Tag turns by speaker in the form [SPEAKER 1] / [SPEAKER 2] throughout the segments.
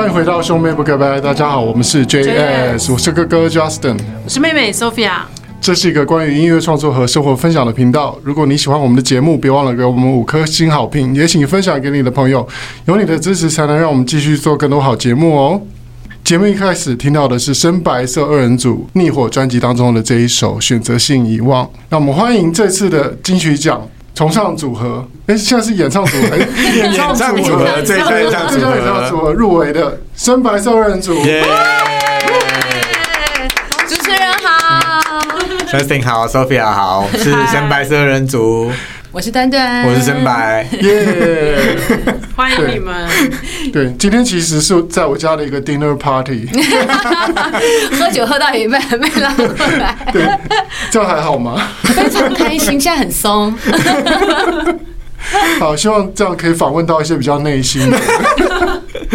[SPEAKER 1] 歡迎回到兄妹不告白。大家好，我們是 JS，JS，我是哥哥 Justin，
[SPEAKER 2] 我是妹妹 Sophia。
[SPEAKER 1] 這是一個關於音樂創作和生活分享的頻道。如果你喜歡我們的節目，別忘了給我們五顆星好評，也請分享給你的朋友。有你的支持，才能讓我們繼續做更多好節目哦。節目一開始聽到的是深白色二人組《逆火》專輯當中的這一首《選擇性遺忘》。那我們歡迎這次的金曲獎。重唱組合，哎、欸，現在是演唱組合，欸、 演唱組合，最佳演唱組合，最佳演唱組合，入圍的深白色二人組。
[SPEAKER 3] 主持人好、嗯、
[SPEAKER 4] ，Justin 好 ，Sophia 好，是深白色二人
[SPEAKER 1] 組。
[SPEAKER 5] 我是丹丹，我是真白，
[SPEAKER 1] 耶！歡迎你們。對，對，今天其實是在我家的一個 dinner party，
[SPEAKER 5] 喝酒喝到一半沒拉上
[SPEAKER 1] 來，這還好嗎？
[SPEAKER 5] 非常開心，現在很
[SPEAKER 3] 鬆。
[SPEAKER 1] 好，希望這樣可以訪問到一些比較內心的。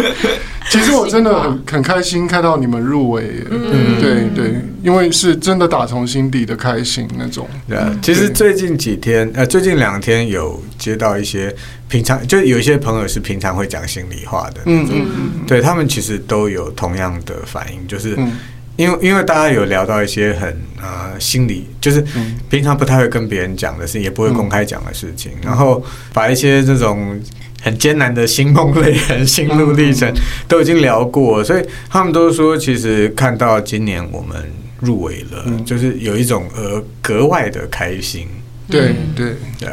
[SPEAKER 1] 其實我真的很很開心看到你們入圍，嗯對，對對，因為是真的打從心底的開心那種。
[SPEAKER 4] 嗯、對，其實最近幾天，呃，最近兩天有接到一些平常，就有一些朋友是平常會講心裡話的那種，嗯嗯，嗯對，他們其實都有同樣的反應，就是。嗯因為因為大家有聊到一些很呃心理，就是平常不太會跟別人講的事情，嗯、也不會公開講的事情，嗯、然後把一些這種很艱難的心夢淚痕、心路歷程、嗯、都已經聊過，嗯、所以他們都說，其實看到今年
[SPEAKER 1] 我們入圍了，嗯、就是有一種呃格外的開心。對對、嗯、對。對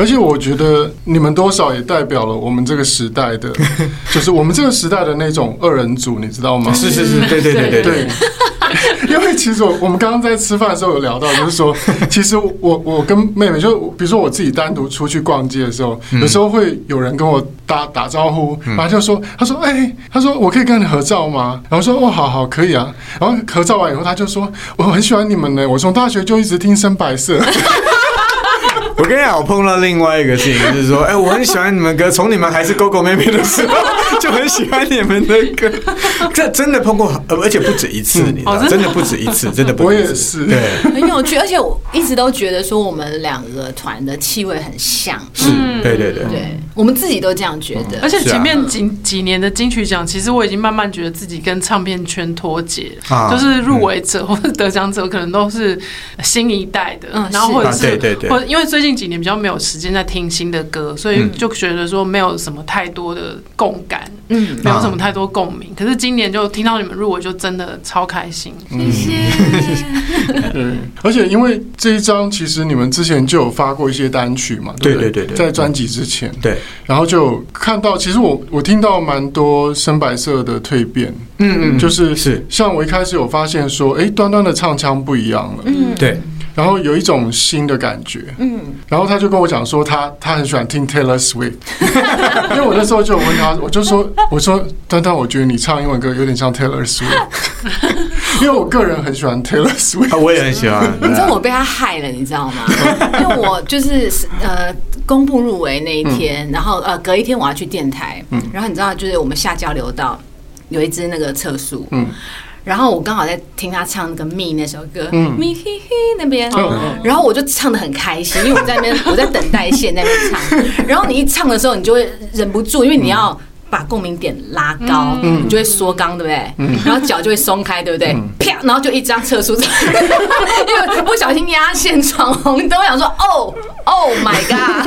[SPEAKER 1] 而且我覺得你們多少也代表了我們這個時代的， 就是我們這個時代的那種二人組， 你知道嗎？是是是，對對對對，對，對， 對，因為其實我我們剛剛在吃飯的時候有聊到，就是說， 其實我我跟妹妹就，就比如說我自己單獨出去逛街的時候， 有時候會有人跟我打打招呼， 然後就說，他說，哎、欸，他說我可以跟你合照嗎？然後說，哦，好好，可以啊。然後合照完以後，他就說，我很喜歡你們呢、欸，我從大學就一直聽深白色。
[SPEAKER 4] 我跟你講，我碰到另外一個事情，就是說，哎，我很喜歡你們歌，從你們還是哥哥妹妹的時候，就很喜歡你們的歌，這真的碰過，而且不止一次，你知道真真、 嗯，哦、真的真的不止一次，真的不。我也是，對，
[SPEAKER 5] 很有趣。而且我一直都覺得說，我們兩個團
[SPEAKER 2] 的氣味很像， 是，
[SPEAKER 4] 對對對，對，對，
[SPEAKER 2] 對我們自己都這樣覺
[SPEAKER 4] 得。嗯、而且前面
[SPEAKER 2] 幾幾年的金曲獎，其實我已經慢慢覺得自己跟唱片圈脫節、啊、就是入圍者或者得獎者，可能都是新一代的，嗯，然後或者是、啊、對對對，因為最近。近幾年比較沒有時間在聽新的歌，所以就覺得說沒有什麼太多的共感，嗯，沒有什麼太多共鳴。嗯嗯、可是今年就聽到你們入圍，就真的超開心，嗯、謝謝。
[SPEAKER 1] 對， 而且因為這一張，其實你們之前就有發過一些單曲嘛，對對對對，在專輯之前，嗯、對。然後就看到，其實我我聽到蠻多深白色的蛻變，嗯嗯，就是是像我一開始有發現說，哎、欸，端端的唱腔不一樣了，嗯，對。然後有一種新的感覺，嗯，然後他就跟我講說他，他他很喜歡聽 Taylor Swift， 因為我那時候就問他，我就說，我說，丹丹，我覺得你唱英文歌有點像 Taylor Swift， 因為我個人很喜歡 Taylor Swift，我也很喜歡。你知道我
[SPEAKER 5] 被他害了，你知道嗎？ 因為我就是呃，公布入圍那一天，嗯、然後呃，隔一天我要去電台，嗯、然後你知道，就是我們下交流道有一支那個測速，嗯。然後我剛好在聽他唱那個《me》那首歌，嗯，me 嘿嘿那邊，然後我就唱的很開心，因為我在那邊，我在等待線在那邊唱，然後你一唱的時候，你就會忍不住，因為你要，把共鳴點拉高，嗯、你就會縮肛，對不對？嗯、然後腳就會鬆開，對不對？嗯、啪，然後就一張側出，嗯、 因為我不小心壓線闖紅燈，我想說，Oh Oh my God，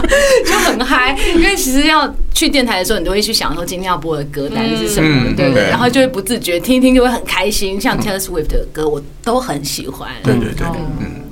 [SPEAKER 5] 就很嗨。因為其實要去電台的時候，你都會去想說今天要播的歌單是什麼，對不對？然後就會不自覺聽一聽，就會很開心。像 Taylor Swift 的歌，我都很喜歡。對對對，對，對，對、嗯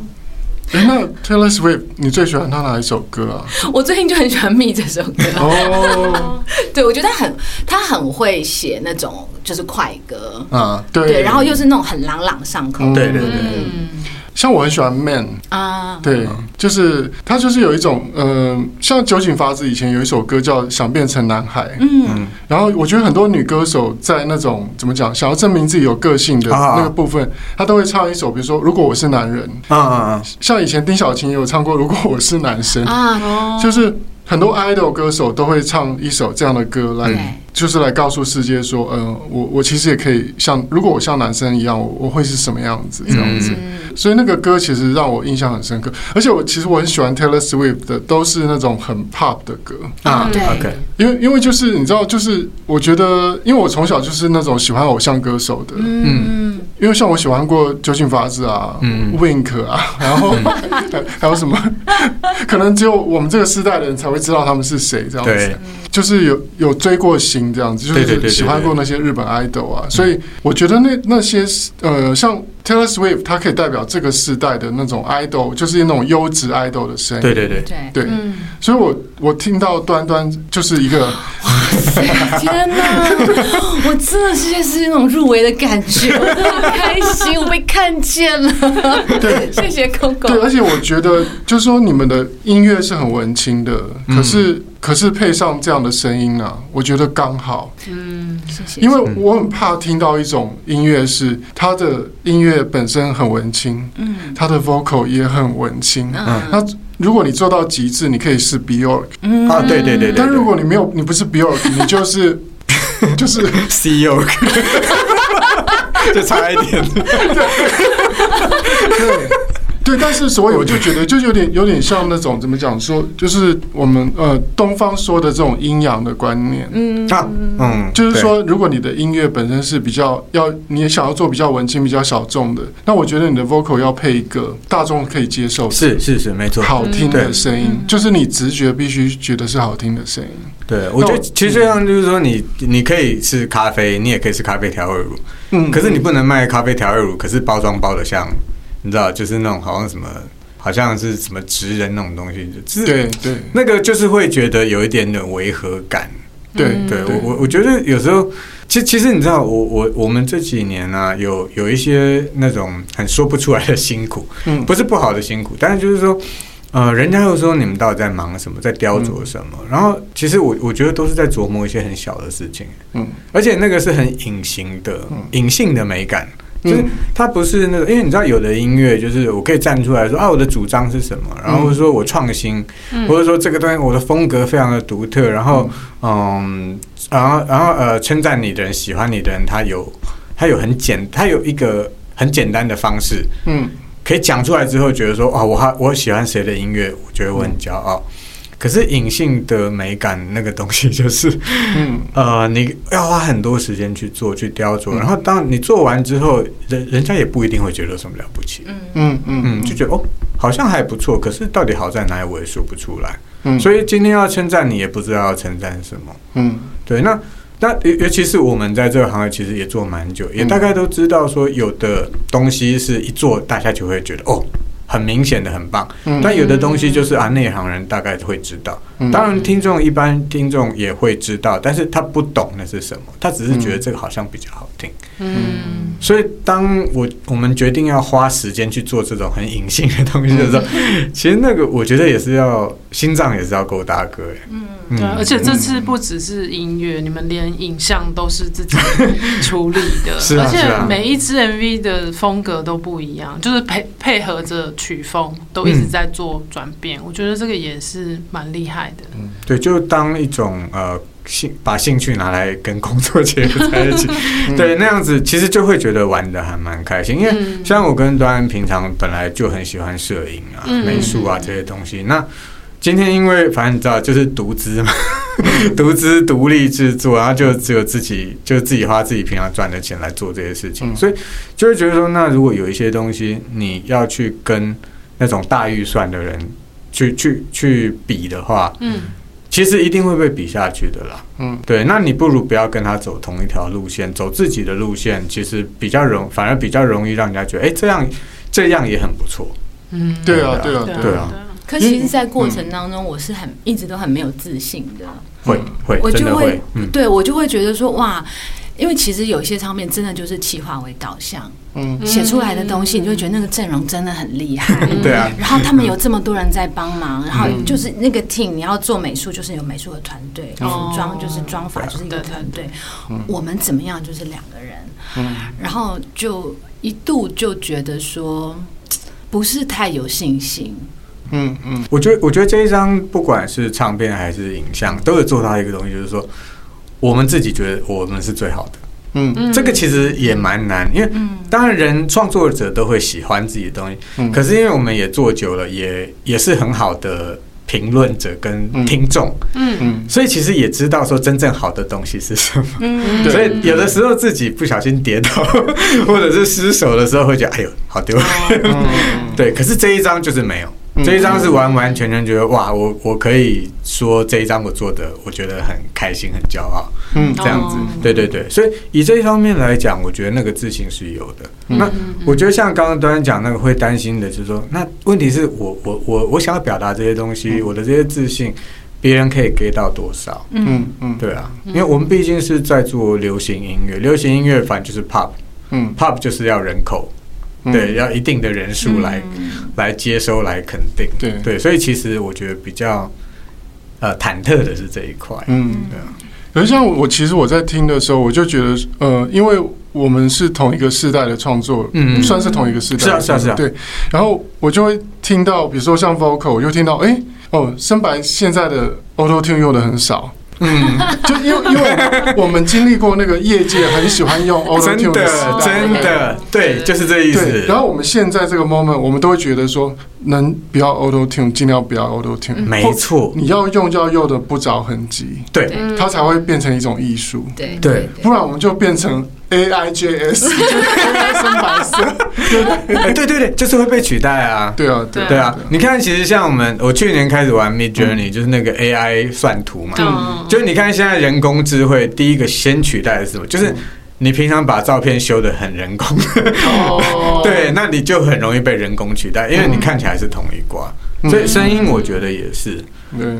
[SPEAKER 1] 欸、那 Taylor Swift，你最喜歡他哪一首歌啊？
[SPEAKER 5] 我最近就很喜歡《Me》這首歌。哦，對，我覺得他很，他很會寫那種就是快歌。
[SPEAKER 1] 啊、uh, 對，對，然後又
[SPEAKER 5] 是那種很朗朗上口。對對對對。嗯
[SPEAKER 1] 像我很喜歡 man 啊，uh, 對，uh, 就是他就是有一種嗯、呃，像酒井法子以前有一首歌叫想變成男孩，嗯，um, 然後我覺得很多女歌手在那種怎麼講想要證明自己有個性的那個部分，她、uh, uh, 都會唱一首，比如說如果我是男人，嗯嗯，uh, uh, uh, 像以前丁小芹也有唱過如果我是男生嗯、uh, uh. 就是。很多 idol 歌手都會唱一首這樣的歌來，Okay. 就是來告訴世界說，嗯、呃，我我其實也可以像，如果我像男生一樣，我，我會是什麼樣子這樣子。Mm. 所以那個歌其實讓我印象很深刻，而且我其實我很喜歡 Taylor Swift 的，都是那種很 pop 的歌啊。Uh, 對，okay. 因為因為就是你知道，就是我覺得，因為我從小就是那種喜歡偶像歌手的，mm. 嗯。因為像我喜歡過酒井法子啊、嗯嗯、Wink 啊，然後、嗯、還有什麼， 可能只有我們這個時代的人才會知道他們是誰這樣子。對 就是有有追過星這樣子，就是喜歡過那些日本 idol 啊。所以我覺得那那些呃，像。Taylor Swift，它可以代表這個世代的那種 idol，就是那種優質 idol 的聲音。對對對對對。對嗯、所以我我聽到端端就是一個哇塞天、啊！
[SPEAKER 5] 天哪！我真的是是那種入圍的感覺，我真的很開心， 我被看見了。對，謝謝 Coco
[SPEAKER 1] 對，而且我覺得，就是說你們的音樂是很文青的，可是。嗯可是配上這樣的聲音呢、啊，我覺得剛好。嗯，
[SPEAKER 6] 謝謝。因為我
[SPEAKER 1] 很怕聽到一種音樂，是他的音樂本身很文青。嗯，他的 vocal 也很文青。嗯，那如果你做到極致，你可以是 Björk，嗯，啊，對對對對。但如果你沒有，你不是 Björk，你就是 就是 Cork 哈 就差一點。對。 對，但是所以我就覺得，就有點有點像那種怎麼講說，就是我們呃東方說的這種陰陽的觀念，嗯，嗯，就是說，嗯、如果你的音樂本身是比較要你也想要做比較文青、比較小眾的，那我覺得你的 vocal 要配一個大眾可以接受是，是是是，沒錯，好聽的聲音，嗯、就是你直覺必須覺得是好聽的聲音。
[SPEAKER 4] 對，我覺得、嗯、其實這樣就是說你，你你可以吃咖啡，你也可以吃咖啡調味乳，
[SPEAKER 1] 嗯，可是你
[SPEAKER 4] 不能賣咖啡調味乳，可是包裝包得像。你知道，就是那種好像什麼，好像是什麼職人那種東西，對、就是、對，對那個就是會覺得有一點的違和感。對對，對對我我我覺得有時候，其實其實你知道，我我我們這幾年呢、啊，有有一些那種很說不出來的辛苦，嗯，不是不好的辛苦，嗯、但是就是說，呃，人家又說你們到底在忙什麼，在雕琢什麼？嗯、然後其實我我覺得都是在琢磨一些很小的事情，嗯，而且那個是很隱形的、隱、嗯、性的美感。就是他不是那個，因為你知道，有的音樂就是我可以站出來說啊，我的主張是什麼，然後說我創新，或者說這個東西我的風格非常的獨特，然後嗯，然後然後呃，稱讚你的人、喜歡你的人，他有他有很簡，他有一個很簡單的方式，
[SPEAKER 6] 嗯，
[SPEAKER 4] 可以講出來之後，覺得說啊，我還我喜歡誰的音樂，我覺得我很驕傲。可是隱性的美感那個東西就是，嗯呃，你要花很多時間去做去雕琢，嗯、然後當你做完之後，人人家也不一定會覺得什麼了不起，嗯嗯嗯，就覺得哦，好像還不錯，可是到底好在哪裡，我也說不出來，嗯，所以今天要稱讚你也不知道要稱讚什麼，嗯，對，那那尤其是我們在這個行業其實也做蠻久，嗯、也大概都知道說有的東西是一做大家就會覺得哦。很明顯的，很棒。但有的東西就是啊，內行人大概會知道。當然，聽眾一般聽眾也會知道，但是他不懂那是什麼，他只是覺得這個好像比較好聽。嗯。所以當我我們決定要花時間去做這種很隱性的東西的時候，其實那個我覺得也是要心臟也是要夠大顆哎。嗯。
[SPEAKER 2] 對，而且這次不只是音樂，你們連影像都是自己處理的，而且每一支 MV 的風格都不一樣，就是配配合着。曲風都一直在做轉變，嗯、我覺得這個也是蠻厲害的。
[SPEAKER 4] 嗯，對，就當一種呃興把興趣拿來跟工作結合在一起， 對，嗯、那樣子其實就會覺得玩的還蠻開心。嗯、因為像我跟端平常本來就很喜歡攝影啊、嗯、美術啊這些東西，那。今天因為反正你知道，就是獨資嘛，獨資獨立製作，然後就只有自己，就自己花自己平常賺的錢來做這些事情，所以就會覺得說，那如果有一些東西，你要去跟那種大預算的人去去去比的話，
[SPEAKER 6] 嗯，
[SPEAKER 4] 其實一定會被比下去的啦，嗯，對，那你不如不要跟他走同一條路線，走自己的路線，其實比較容，反而比較容易讓人家覺得，哎，這樣這樣也很不錯，嗯，
[SPEAKER 6] 對啊，對啊，對啊。對啊。
[SPEAKER 5] 可其實，在過程當中，我是很一直都很沒有自信的。
[SPEAKER 4] 會會，我就會
[SPEAKER 6] 對
[SPEAKER 5] 我就會覺得說哇，因為其實有些唱片真的就是企劃為導向，
[SPEAKER 6] 嗯，寫出來的
[SPEAKER 5] 東西，你就會覺得那個陣容真的很厲害，對啊。然後他們有這麼多人在幫忙，然後就是那個 team，你要做美術就是有美術的團隊，服裝，就是妝髮就是一個團隊，我們怎麼樣就是兩個人，嗯，然後就一度就覺得說不是太有信心。
[SPEAKER 4] 嗯嗯，嗯，我覺得我覺得這一張不管是唱片還是影像，都有做到一個東西，就是說我們自己覺得我們是最好的。嗯嗯，這個其實也蠻難，因為當然人創作者都會喜歡自己的東西，嗯、可是因為我們也做久了，也也是很好的評論者跟聽眾、嗯。嗯
[SPEAKER 6] 嗯，
[SPEAKER 4] 所以其實也知道說真正好的東西是什麼。嗯嗯、所以有的時候自己不小心跌倒，嗯嗯、或者是失手的時候，會覺得哎呦好丟臉。嗯嗯嗯、 對，可是這一張就是沒有。這一張是完完全全覺得哇，我我可以說這一張我做的，我覺得很開心，很驕傲。嗯，這樣子，對對對。所以以這一方面來講，我覺得那個自信是有的。那我覺得像剛剛端講那個會擔心的，就是說，那問題是我我我我想要表達這些東西，我的這些自信，別人可以給到多少？嗯嗯，對啊，因為我們畢竟是在做流行音樂，流行音樂反正就是 pop，嗯，pop 就是要人口。對，要一定的人數來、嗯、來接收來肯定，對對，所以其實我覺得比較呃忐忑的是這一塊，嗯，對
[SPEAKER 1] 啊。可是像我，我其實我在聽的時候，我就覺得呃，因為我們是同一個世代的創作，嗯，不算是同一個世代、嗯，是啊是啊，是啊對。然後我就會聽到，比如說像 vocal，我就聽到，哎哦，深白現在的 auto tune 用的很少。
[SPEAKER 6] 嗯，就因
[SPEAKER 1] 為，因為我們經歷過那個業界很喜歡用， 真的真的的時代對，是就是這意思對。然後我們現在這個 moment，我們都會覺得說。能不要 auto tune，儘量不要 auto tune。沒錯，你要用就要用的不着痕跡，對，它才會變成一種藝術。對，不然我們就變成 A I J S，就變成深
[SPEAKER 4] 白色。對對對，就是會被取代啊！對啊，對啊！你看，其實像我們，我去年開始玩 Midjourney，就是那個 AI 算圖嘛。嗯。就是你看，現在人工智慧，第一個先取代的是什麼？就是。你平常把照片修得很人工，對，那你就很容易被人工取代，因為你看起來是同一掛。所以聲音我覺得也是，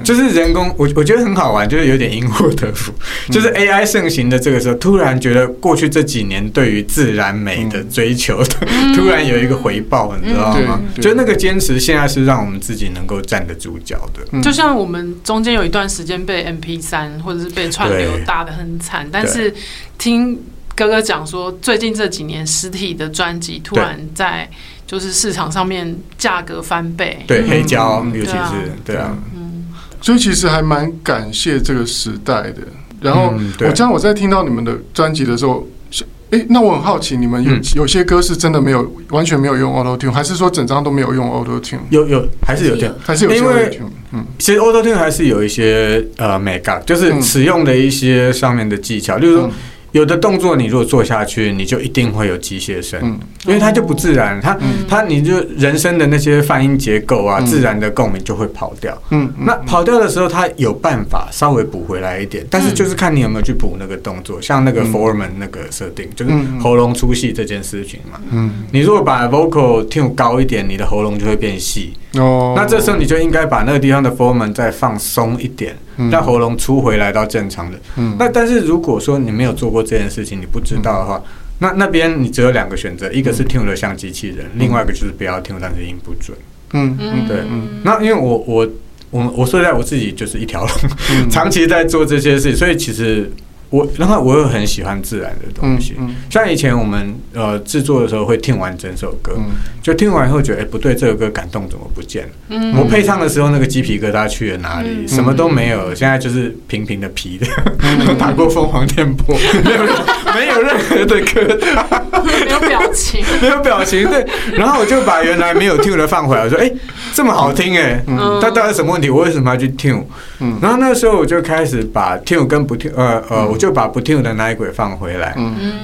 [SPEAKER 4] 就是人工。我我覺得很好玩，就是有點因禍得福。就是 AI 盛行的這個時候，突然覺得過去這幾年對於自然美的追求，突然有一個回報，你知道嗎？就那個堅持，現在是讓我們自己能夠站得住腳的。就
[SPEAKER 2] 像我們中間有一段時間被 MP3 或者是被串流打得很慘，但是聽。哥哥講說，最近這幾年實體的專輯突然在就是市場上面價格翻倍。對，黑膠，尤其是
[SPEAKER 1] 對啊。嗯，所以其實還蠻感謝這個時代的。然後我這樣我在聽到你們的專輯的時候，哎，那我很好奇，你們有有些歌是真的沒有完全沒有用 Auto Tune，還是說整張都沒有用 Auto Tune？有有，還是有這樣，還是有。因為嗯，
[SPEAKER 4] 其實 Auto Tune 還是有一些呃 makeup，就是使用的一些上面的技巧，例如說。有的動作你如果做下去，你就一定會有機械聲，因為它就不自然。它它你就人生的那些泛音結構啊，自然的共鳴就會跑掉。嗯，那跑掉的時候，它有辦法稍微補回來一點，但是就是看你有沒有去補那個動作。像那個 f o r m a n 那個設定，就是喉嚨粗戲這件事情嘛。嗯，你如果把 vocal tune 高一點，你的喉嚨就會變細。
[SPEAKER 1] 哦，那這時
[SPEAKER 4] 候你就應該把那個地方的 f o r m a n 再放鬆一點。那喉嚨出回來到正常的，嗯、
[SPEAKER 6] 那
[SPEAKER 4] 但是如果說你沒有做過這件事情，你不知道的話，嗯、那那邊你只有兩個選擇，嗯、一個是聽我的，像機器人，嗯、另外一個就是不要聽我，但是音不準。嗯嗯，對。嗯、那因為我我我我說一下我自己，就是一條龍，嗯、長期在做這些事，所以其實。我然後我又很喜歡自然的東西，像以前我們呃製作的時候會聽完整首歌，就聽完以後覺得哎、欸、不對，這個歌感動怎麼不見了？我配唱的時候那個雞皮疙瘩去了哪裡？什麼都沒有，現在就是平平的皮的，打過瘋狂電波沒有沒有，
[SPEAKER 6] 沒有任何的疙瘩，沒有表情，
[SPEAKER 4] 沒有表情。對，然後我就把原來沒有 Tune 的放回來，我說哎、欸、這麼好聽哎、欸，但到底什麼問題？我為什麼要去 Tune？然後那時候我就開始把 Tune 跟不 Tune 呃呃、呃。我就把不聽我的那一軌放回來，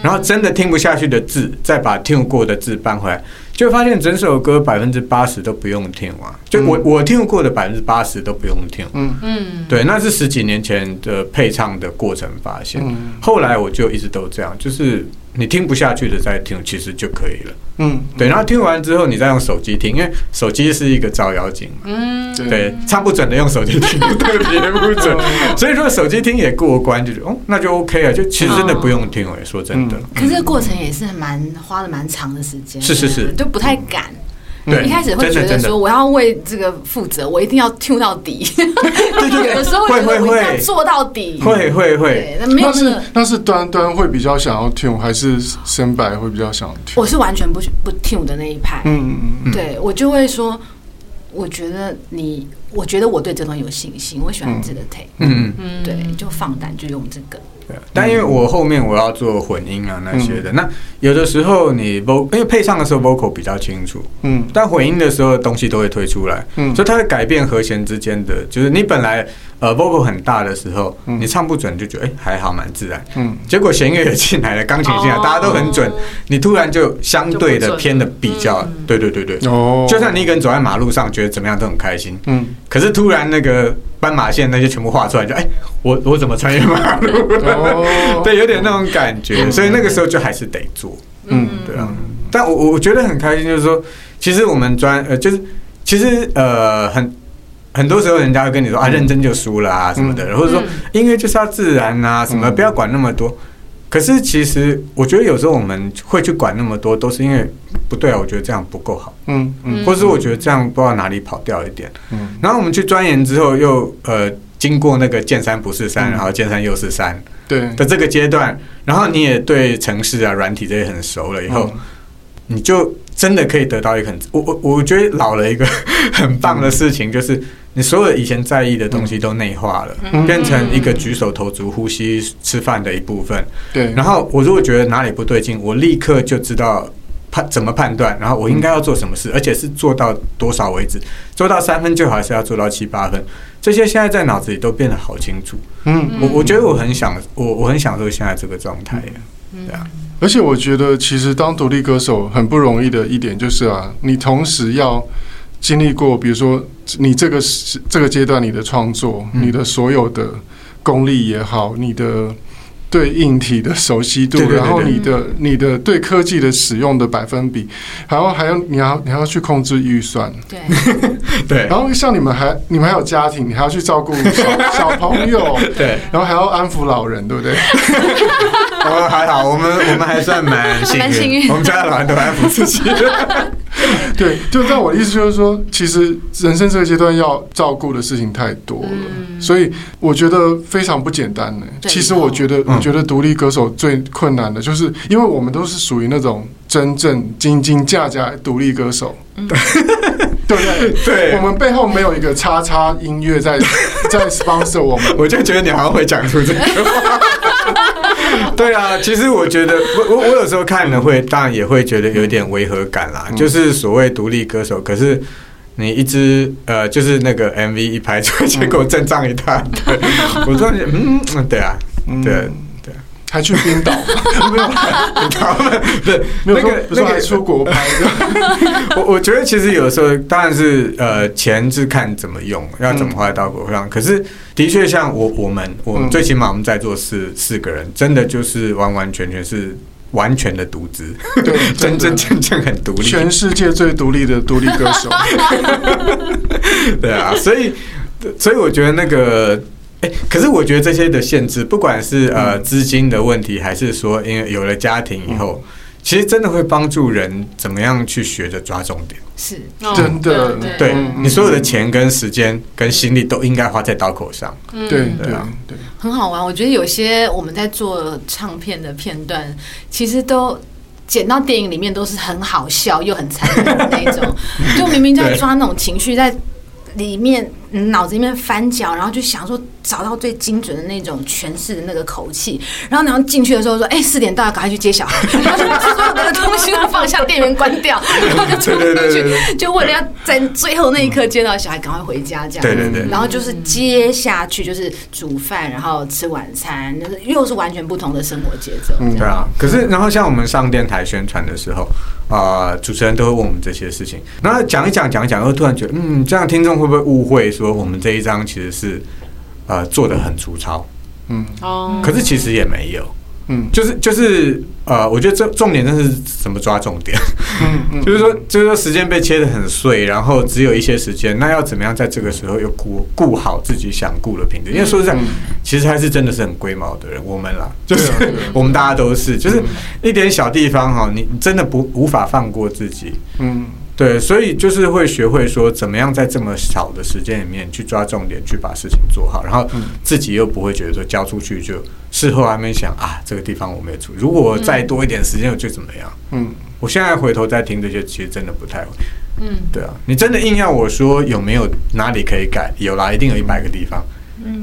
[SPEAKER 4] 然後真的聽不下去的字，再把聽過的字搬回來，就發現整首歌百分之八十都不用聽嘛。就我我聽過的百分之八十都不用聽，嗯
[SPEAKER 6] 嗯，對，
[SPEAKER 4] 那是十幾年前的配唱的過程發現。後來我就一直都這樣，就是。你聽不下去的再聽，其實就可以了。嗯，對。然後聽完之後，你再用手機聽，嗯、因為手機是一個照妖鏡。嗯，對。唱不準的用手機聽，嗯、特別不準。嗯、所以說手機聽也過關，就哦，那就 OK 啊。就其實真的不用聽、欸，哎、嗯，說真的。嗯、
[SPEAKER 5] 可是過程也是蠻花了蠻長的時間，是是是，就不太敢。嗯
[SPEAKER 4] 嗯、一開始會覺得說我
[SPEAKER 5] 要為這個負責，我一定要 tune 到底。對,對,對， 有的時候會會會做到底，
[SPEAKER 1] 會會會。嗯、對沒有那個、那是那是端端會比較想要 tune，還是深白會比較想
[SPEAKER 5] tune？我是完全不不 tune 的那一派。嗯
[SPEAKER 1] 嗯嗯，嗯對
[SPEAKER 5] 我就會說，我覺得你，我覺得我對這段有信心，我喜歡這個 take。嗯嗯，對，就放膽就用這
[SPEAKER 4] 個。但因為我後面我要做混音啊那些的，嗯、那有的時候你 voc 因為配唱的時候 vocal 比較清楚，嗯，但混音的時候東西都會推出來，嗯，所以它會改變和弦之間的，就是你本來呃 vocal 很大的時候，嗯、你唱不準就覺得哎還好蠻自然，嗯，結果弦樂也進來了，鋼琴進來，哦、大家都很準，你突然就相對的偏的比較，對對對對，哦、就算你一個人走在馬路上覺得怎麼樣都很開心，嗯，可是突然那個。斑馬線那些全部畫出來，就哎、欸，我我怎麼穿越馬路？Oh. 對，有點那種感覺，所以那個時候就還是得做。Mm hmm. 嗯，對啊。Mm hmm. 但我我覺得很開心，就是說，其實我們專呃，就是其實呃，很很多時候人家會跟你說、mm hmm. 啊，認真就輸了啊什麼的，mm hmm. 或者說音樂就是要自然啊，什麼、mm hmm. 不要管那麼多。可是，其實我覺得有時候我們會去管那麼多，都是因為不對啊，我覺得這樣不夠好，嗯，
[SPEAKER 6] 嗯嗯，或是我覺
[SPEAKER 4] 得這樣不知道哪裡跑掉一點，嗯，然後我們去鑽研之後，又呃經過那個見山不是山，然後見山又是山，對的這個階段，然後你也對程式啊、軟體這些很熟了以後，你就。真的可以得到一個很，我我我覺得老了一個很棒的事情，嗯、就是你所有以前在意的東西都內化了，嗯、變成一個舉手投足、呼吸、吃飯的一部分。對。然後我如果覺得哪裡不對勁，我立刻就知道判怎麼判斷，然後我應該要做什麼事，嗯、而且是做到多少為止，做到三分就好還是要做到七八分，這些現在在腦子裡都變得好清楚。嗯我，我我覺得我很享我我很享受現在這個狀態呀，嗯嗯、
[SPEAKER 1] 對啊。而且我覺得，其實當獨立歌手很不容易的一點就是啊，你同時要經歷過，比如說你這個時這個階段，你的創作，嗯、你的所有的功力也好，你的對硬體的熟悉度，對對對對，然後你的、嗯、你的對科技的使用的百分比，然後還要你要你還要去控制預算，對， 對，然後像你們還你們還有家庭，你還要去照顧小小朋友， 對、啊，然後還要安撫老人，對不對？ 我、哦、還好，我們我們還算蠻幸運，幸的我們家老人都還自己對，就在我的意思就是說，其實人生這個階段要照顧的事情太多了，嗯、所以我覺得非常不簡單。哎對，其實我覺得，嗯、我覺得獨立歌手最困難的就是，因為我們都是屬於那種真正斤斤假假獨立歌手，對不、嗯、對？對，我們背後沒有一個叉叉音樂在在 sponsor 我們， 我就覺得你好像會講出這個話。
[SPEAKER 4] 對啊，其實我覺得我我我有時候看了會，當然也會覺得有點違和感啦。嗯、就是所謂獨立歌手，可是你一支呃，就是那個 MV 一拍出來，結果陣仗一大堆，對嗯、我說嗯，嗯，嗯，對啊，對啊。嗯還去冰
[SPEAKER 6] 島？沒
[SPEAKER 1] 有，他們有是，那個不是出國拍？那
[SPEAKER 4] 個、 我我覺得其實有的時候，當然是呃，錢是看怎麼用，嗯、要怎麼花到刀口上。可是的確，像我我們我們最起碼我們在座四、嗯、四個人，真的就是完完全全是完全的獨資，對，真 真正正很獨立，全世界最獨立的獨立歌手。 對啊，所以所以我覺得那個。哎，可是我覺得這些的限制，不管是呃資金的問題，還是說因為有了家庭以後，其實真的會幫助人怎麼樣去學着抓重點。
[SPEAKER 5] 是，
[SPEAKER 6] 真的，對
[SPEAKER 4] 你所有的錢跟時間跟心力都應該花在刀口上。對對對，
[SPEAKER 5] 很好玩。我覺得有些我們在做唱片的片段，其實都剪到電影裡面都是很好笑又很殘忍的那種，就明明就要抓那種情緒在裡面。腦子裡面翻攪，然後就想說找到最精準的那種詮釋的那個口氣，然後然後進去的時候說：“哎、欸，四點到了，趕快去接小孩。”然後就把所有的東西都放下，電源關掉， 然後就衝進去，就為了要在最後那一刻接到小孩，趕快回家這樣。對對對，對。然後就是接下去就是煮飯，然後吃晚餐，又是又是完全不同的生活節奏、
[SPEAKER 4] 嗯。對啊。可是，然後像我們上電台宣傳的時候啊、呃，主持人都會問我們這些事情，然後講一講講一講，又突然覺得，嗯，這樣聽眾會不會誤會？說我們這一張其實是，呃，做得很粗糙，嗯，哦
[SPEAKER 6] ，oh. 可是
[SPEAKER 4] 其實也沒有，嗯，就是就是，呃，我覺得這重點那是怎麼抓重點，嗯，嗯，就是說，就是說時間被切得很碎，然後只有一些時間，那要怎麼樣在這個時候又顧顧好自己想顧的品質？嗯、因為說實在，嗯、其實還是真的是很龜毛的人，我們啦，就是、哦哦哦、我們大家都是，就是一點小地方哈，你真的不無法放過自己，嗯。對，所以就是會學會說怎麼樣在這麼少的時間裡面去抓重點，去把事情做好，然後自己又不會覺得說交出去就事後還沒想啊，這個地方我沒有注意。如果再多一點時間，我就怎麼樣？嗯，我現在回頭再聽這些，其實真的不太會嗯，對啊，你真的硬要我說有沒有哪裡可以改？有啦，一定有一百個地方。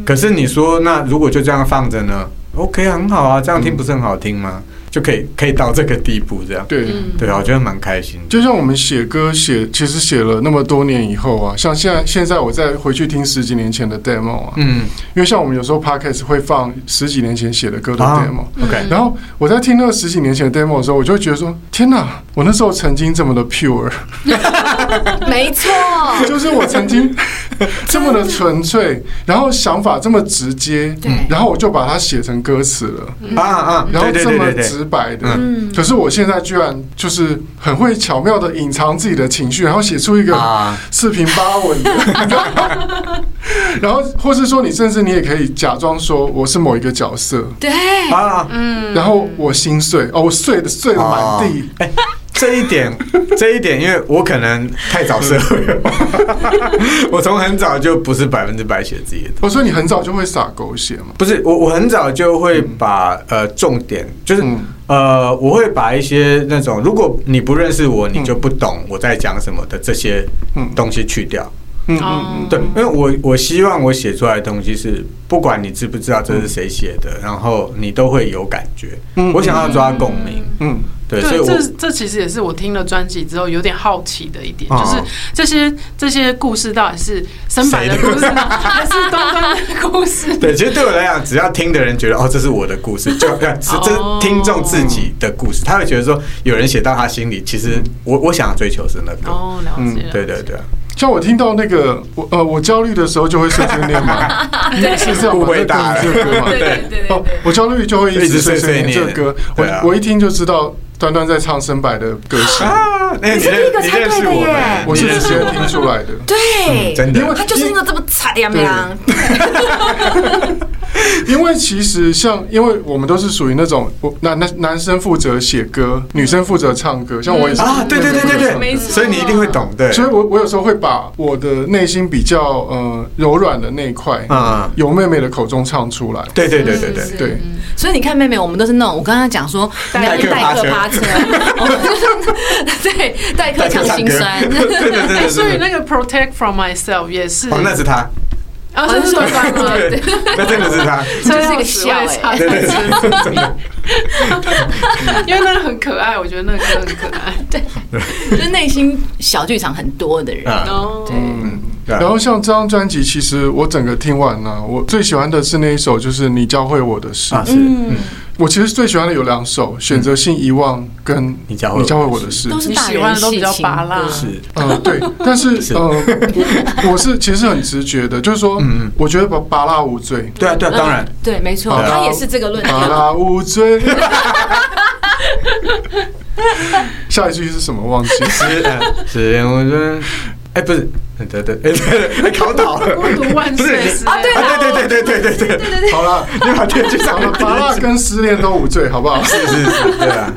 [SPEAKER 4] 可是你說那如果就這樣放着呢
[SPEAKER 1] ？OK，很好啊，這樣聽不是很好聽嗎？就可以可以到這個地步這樣，對對、嗯、對，我覺得蠻開心。就像我們寫歌寫，其實寫了那麼多年以後啊，像現在現在我再回去聽十幾年前的 demo 啊，嗯，因為像我們有時候 podcast 會放十幾年前寫的歌的 demo，OK、啊哦。Okay，然後我在聽那個十幾年前的 demo 的時候，我就會覺得說，天哪，我那時候曾經這麼的 pure，
[SPEAKER 5] 沒錯，就是我曾
[SPEAKER 1] 經。 這麼的純粹，然後想法這麼直接，然後我就把它寫成歌詞了啊啊！然後這麼直白的，可是我現在居然就是很會巧妙的隱藏自己的情緒，然後寫出一個四平八穩的。然後，或是說你甚至你也可以假裝說我是某一個角色，
[SPEAKER 3] 對啊，嗯，然
[SPEAKER 1] 後我心碎哦、喔，我碎的碎的滿地。這一點，這一點，因為我可能太早社會了。 我從很
[SPEAKER 4] 早就不是百分之百寫自己的。我說、哦、你很早就會撒狗血嗎？不是，我我很早就會把、嗯、呃重點，就是、嗯、呃我會把一些那種如果你不認識我，你就不懂我在講什麼的、嗯、這些東西去掉。嗯嗯嗯，對，因為我我希望我寫出來的東西是不管你知不知道這是誰寫的，嗯、然後你都會有感覺。嗯、我想要抓共鳴。嗯。嗯嗯對，這
[SPEAKER 2] 這其實也是我聽了專輯之後有點好奇的一點，就是這些這些故事到底是深白的故事，還是端端的故事？對，
[SPEAKER 4] 其實對我來講，只要聽的人覺得哦，這是我的故事，就這聽眾自己的故事，他會覺得說有人寫到他心裡。其實
[SPEAKER 1] 我我想要追求是那個哦，了解，對對對。像我聽到那個我呃我焦慮的時候就會碎碎念嘛，也是這樣，回答，打這個嘛，對對對。哦，我焦慮就會一直碎碎念這歌，我我一聽就知道。端端在唱深白的歌詞。啊，
[SPEAKER 5] 你
[SPEAKER 6] 是第一個猜對的耶！欸、的的我就是聽出
[SPEAKER 1] 來的， 對，嗯、因為他
[SPEAKER 5] 就是那個這麼慘，楊
[SPEAKER 1] 因為其實像，因為我們都是屬於那種，我男生負責寫歌，女生負責唱歌，像我也是啊，對對對對，所以你一定會懂，對。所以我我有時候會把我的內心比較呃柔軟的那一塊啊，由妹妹的口中唱出來。對對對對對，
[SPEAKER 2] 所以你看妹妹，我們都是那種，我剛剛講說代代客趴車，對代客唱心酸，所以那個 Protect from myself 也是，哦，那是他。哦、啊，怪怪對，受對那真的是他，這對是一個笑哎、欸，對對對，因為那個很可愛， 我覺得那個歌很可愛，
[SPEAKER 5] 對， 就是內心小劇場很多的人哦
[SPEAKER 1] ，No. 對。然後像這張專輯，其實我整個聽完了，我最喜歡的是那一首，就是你教會我的事。嗯，我其實最喜歡的有兩首，《選擇性遺忘》跟你教會我的事，都是你喜歡的，都比較拔辣。是，嗯，對。但是，嗯，我是其實很直覺的，就是說，我覺得拔拔辣無罪。對啊，對啊，當然，對，
[SPEAKER 5] 沒錯，他也是這
[SPEAKER 1] 個論題，拔辣無罪。下一句是什麼？忘記是是煙霧人。哎，不是，等等，哎，考倒了，不是啊，對啊，對對對對對對對對對對，好了，你把天去講了，八卦跟失戀都無罪，好不好？是是是，對啊，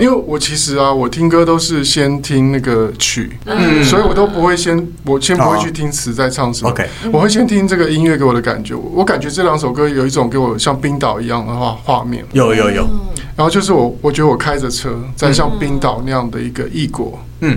[SPEAKER 1] 因為我其實啊，我聽歌都是先聽那個曲，嗯，所以我都不會先，我先不會去聽詞在唱什麼，OK，我會先聽這個音樂給我的感覺，我我感覺這兩首歌有一種給我像冰島一樣的畫畫面，有有有，然後就是我我覺得我開着車在像冰島那樣的一個異國，嗯。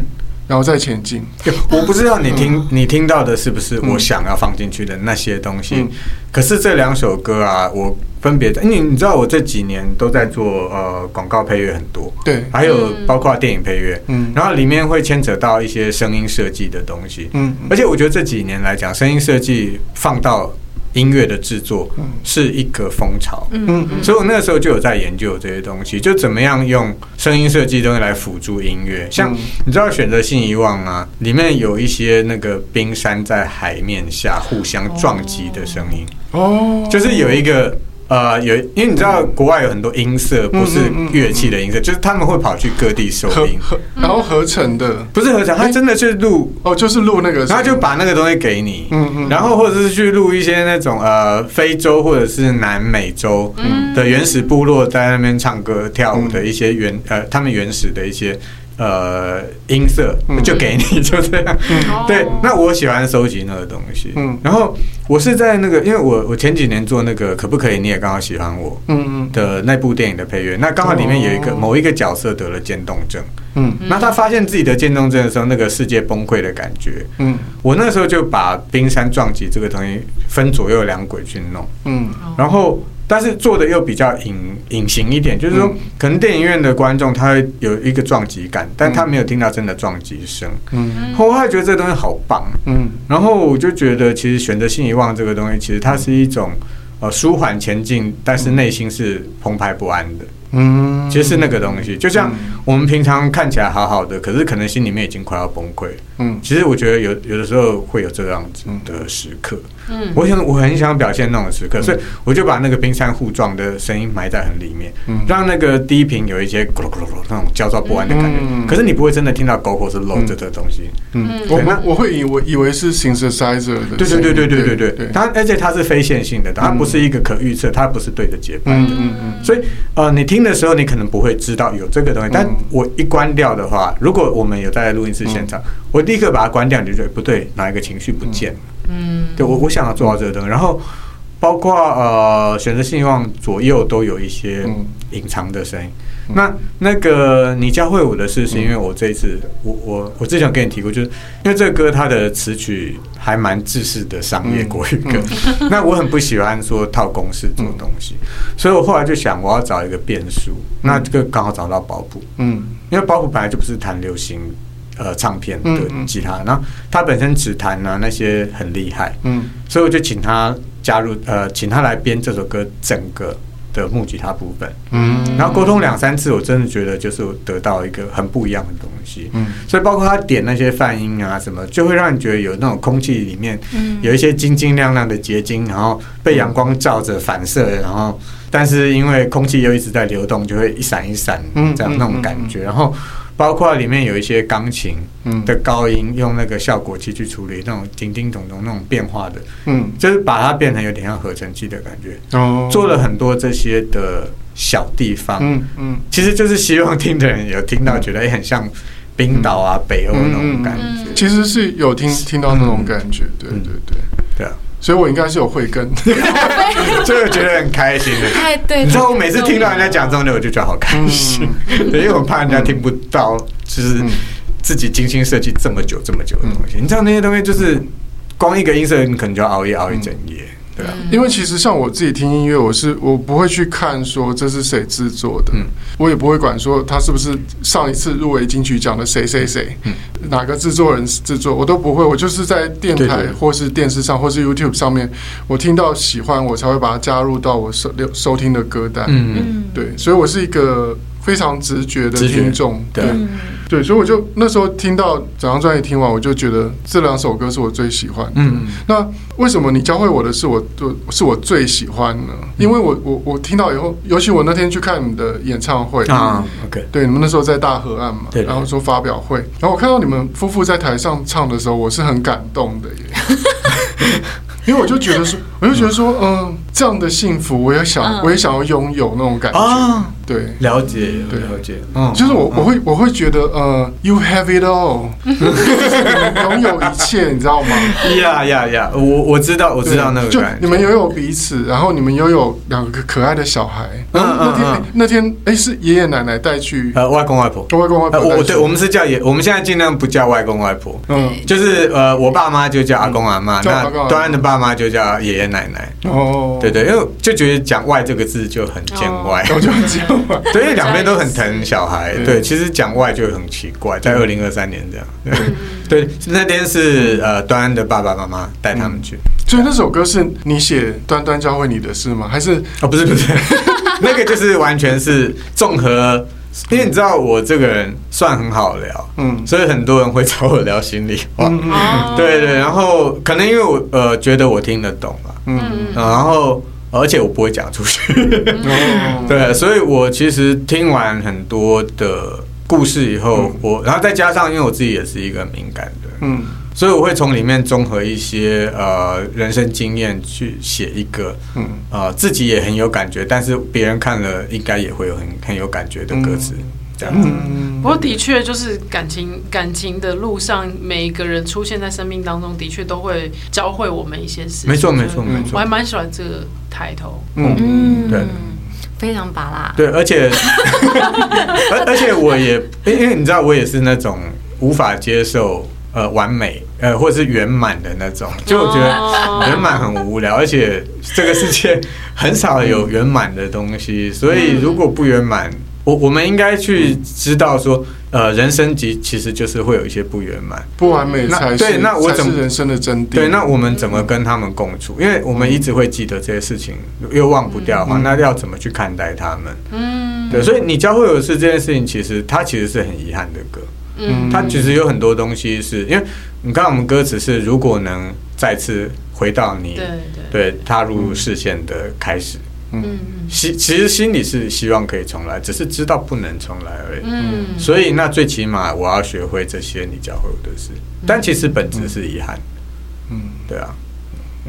[SPEAKER 1] 然後再前進， 我不知道你聽
[SPEAKER 4] 你聽到的是不是我想要放進去的那些東西。嗯，可是這兩首歌啊，我分別的，因為你知道我這幾年都在做呃廣告配樂很多，對，還有包括電影配樂，嗯，然後裡面會牽扯到一些聲音設計的東西，嗯，而且我覺得這幾年來講，聲音設計放到。音樂的製作是一個風潮，嗯，所以我那個時候就有在研究這些東西，就怎麼樣用聲音設計東西來輔助音樂。像你知道《選擇性遺忘》嗎？裡面有一些那個冰山在海面下互相撞擊的聲音，哦，就是有一個。呃，有，因為你知道，國外有很多音色、嗯、不是樂器的音色，嗯嗯、就是他們會跑去各地收音，然後合成的，不是合成，他真的去是錄，哦、欸，就是錄那個，他就把那個東西給你，嗯嗯，嗯然後或者是去錄一些那種呃非洲或者是南美洲的原始部落在那邊唱歌跳舞的一些原呃他們原始的一些。呃，音色就給你，就這樣。嗯、對，嗯、那我喜歡收集那個東西。嗯，然後我是在那個，因為我我前幾年做那個，可不可以，你也剛好喜歡我。嗯嗯。的那部電影的配樂，嗯、那剛好裡面有一個、哦、某一個角色得了漸凍症。嗯。那、嗯、他發現自己的漸凍症的時候，那個世界崩潰的感覺。
[SPEAKER 6] 嗯。
[SPEAKER 4] 我那時候就把冰山撞擊這個東西分左右兩軌去弄。嗯。然後。但是做的又比較隱隱形一點，就是說，可能電影院的觀眾他會有一個撞擊感，但他沒有聽到真的撞擊聲。嗯，我後來覺得這東西好棒。嗯，然後我就覺得，其實選擇性遺忘這個東西，其實它是一種呃舒緩前進，但是內心是澎湃不安的。嗯，其實是那個東西，就像我們平常看起來好好的，可是可能心裡面已經快要崩潰。嗯，其實我覺得有有的時候會有這樣子的時刻。我想我很想表現那種時刻，所以我就把那個冰山互撞的聲音埋在很裡面，嗯，讓那個低頻有一些咕嚕咕嚕咕嚕，那種焦躁不安的感覺。嗯、可是你不會真的聽到狗或是 l 着這個東西，嗯，我我會以為以為是形式塞着的，對對對對對對對，它而且它是非線性的，它不是一個可預測，它不是對着節拍的，嗯嗯，所以呃，你聽的時候，你可能不會知道有這個東西，但我一關掉的話，如果我們有在錄音室現場，嗯、我立刻把它關掉，你就覺得不對，哪一個情緒不見、嗯嗯，對我，我想要做到這個燈。嗯、然後，包括呃，選擇性希望左右都有一些隱藏的聲音。嗯、那那個你教會我的事是因為我這一次，嗯、我我我之前有跟你提過，就是因為這個歌它的詞曲還蠻制式的商業國語歌。嗯嗯、那我很不喜歡說套公式做東西，嗯、所以我後來就想我要找一個變數。嗯、那這個剛好找到包普，嗯，因為包普本來就不是談流行。呃，唱片的吉他，然後他本身指彈呢那些很厲害，
[SPEAKER 6] 嗯，
[SPEAKER 4] 所以我就請他加入，呃，請他來編這首歌整個的木吉他部分，
[SPEAKER 6] 嗯，然後溝通兩
[SPEAKER 4] 三次，我真的覺得就是我得到一個很不一樣的東西，嗯，所以包括他點那些泛音啊什麼，就會讓你覺得有那種空氣裡面，有一些晶晶亮亮的結晶，然後被陽光照着反射，然後但是因為空氣又一直在流動，就會一閃一閃，這樣那種感覺，然後。包括裡面有一些鋼琴的高音，用那個效果器去處理、嗯、那種叮叮咚咚那種變化的，嗯，就是把它變成有點像合成器的感覺。哦，做了很多這些的小地方，嗯嗯，嗯其實就是希望聽的人有聽到，覺得也很像
[SPEAKER 1] 冰島啊、嗯、北歐那種感覺。嗯嗯、其實是有聽聽到那種感覺，嗯、對對對，嗯、對啊。所以，我應該是有慧根，所以我覺得很開心的。
[SPEAKER 6] 對，你知道我每次聽到人
[SPEAKER 4] 家講這種的，我就覺得好開心，嗯、因為我怕人家聽不到，就是自己精心設計這麼久這麼久的東西。你知道那些東西就是光一個音色，你可能就要熬夜熬一整夜。嗯嗯
[SPEAKER 1] 對啊，嗯，因為其實像我自己聽音樂，我是我不會去看說這是誰製作的，嗯，我也不會管說他是不是上一次入圍金曲獎的誰誰誰，嗯，哪個製作人製作，我都不會，我就是在電台，對對對，或是電視上或是 YouTube 上面，我聽到喜歡我才會把它加入到我收收聽的歌單，嗯，嗯，對，所以我是一個。非常直覺的聽眾，對，對，所以我就那時候聽到整張專輯聽完，我就覺得這兩首歌是我最喜歡的。嗯，那為什麼你教會我的是我，就是我最喜歡呢？因為我我我聽到以後，尤其我那天去看你的演唱會啊，對，你們那時候在大河岸嘛，然後說發表會，然後我看到你們夫婦在台上唱的時候，我是很感動的耶，因為我就覺得說，我就覺得說，嗯。這樣的幸福，我也想，我也想要擁有那種感覺。對，了解，對，了解。嗯，就是我，我會，我會覺得，呃，You have it all，擁有一切，你知道嗎？呀呀呀，我我知道，我知道那個感覺。你們擁有彼此，然後你們擁有兩個可愛的小孩。那天，那天，哎，是爺爺奶奶帶去，呃，外公外婆，外公外婆。我對我們是
[SPEAKER 4] 叫爺，我們現在儘量不叫外公外婆。嗯，就是呃，我爸媽就叫阿公阿媽，那端安的爸媽就叫爺爺奶奶。哦。對對，因為就覺得講“外”這個字就很見外，我就很見外。 對，因為對兩邊都很疼小孩。對，對對，其實講“外”就很奇怪，在二零二三年這樣。對，嗯、對那天是呃，端安的爸爸媽媽帶他
[SPEAKER 1] 們去。嗯、所以那首歌是你寫《端端教會你的事》嗎？還是啊、哦？不是，不是， 那個就是完全是綜合。因為你知道我這個人算很好
[SPEAKER 4] 聊，嗯，所以很多人會找我聊心裡話，嗯對，對對，然後可能因為我呃覺得我聽得懂吧，嗯，然後而且我不會講出去，嗯、 對，所以我其實聽完很多的故事以後，嗯、我然後再加上因為我自己也是一個敏感的，嗯。所以我會從裡面綜合一些呃人生經驗去寫一個，嗯、呃自己也很有感覺，但是別人看了應該也會有很很有感覺的歌詞、嗯、這樣
[SPEAKER 2] 子、嗯、不過的確就是感情感情的路上，每一個人出現在生命當中的確都會教會我們一些事情。沒錯錯、嗯、沒錯沒錯，我還蠻喜歡這個抬頭、嗯，嗯
[SPEAKER 4] 對了，
[SPEAKER 2] 非常芭樂。
[SPEAKER 4] 對，而且而 而且我也因為你知道我也是那種無法接受。呃，完美，呃，或者是圓滿的那種，就我覺得圓滿很無聊，而且這個世界很少有圓滿的東西，所以如果不圓滿，我我們應該去知道說，呃，人生級其實就是會有一些不圓滿，不完美才是才是人
[SPEAKER 1] 生的真諦。對，那我
[SPEAKER 4] 們怎麼跟他們共處？因為我們一直會記得這些事情，又忘不掉的話、嗯啊，那要怎麼去看待他們？嗯，對，所以你教會我的是這件事情，其實它其實是很遺憾的歌。
[SPEAKER 6] 嗯，它其實有很
[SPEAKER 4] 多東西是，是因為你看我們歌詞是，如果能再次回到你對踏入視線的開始，嗯，嗯，其實心裡是希望可以重來，只是知道不能重來而已。嗯，所以那最起碼我要學會這些你教會我的事，但其實本質是遺憾。嗯，嗯，對啊。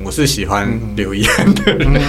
[SPEAKER 1] 我是喜歡留言的人，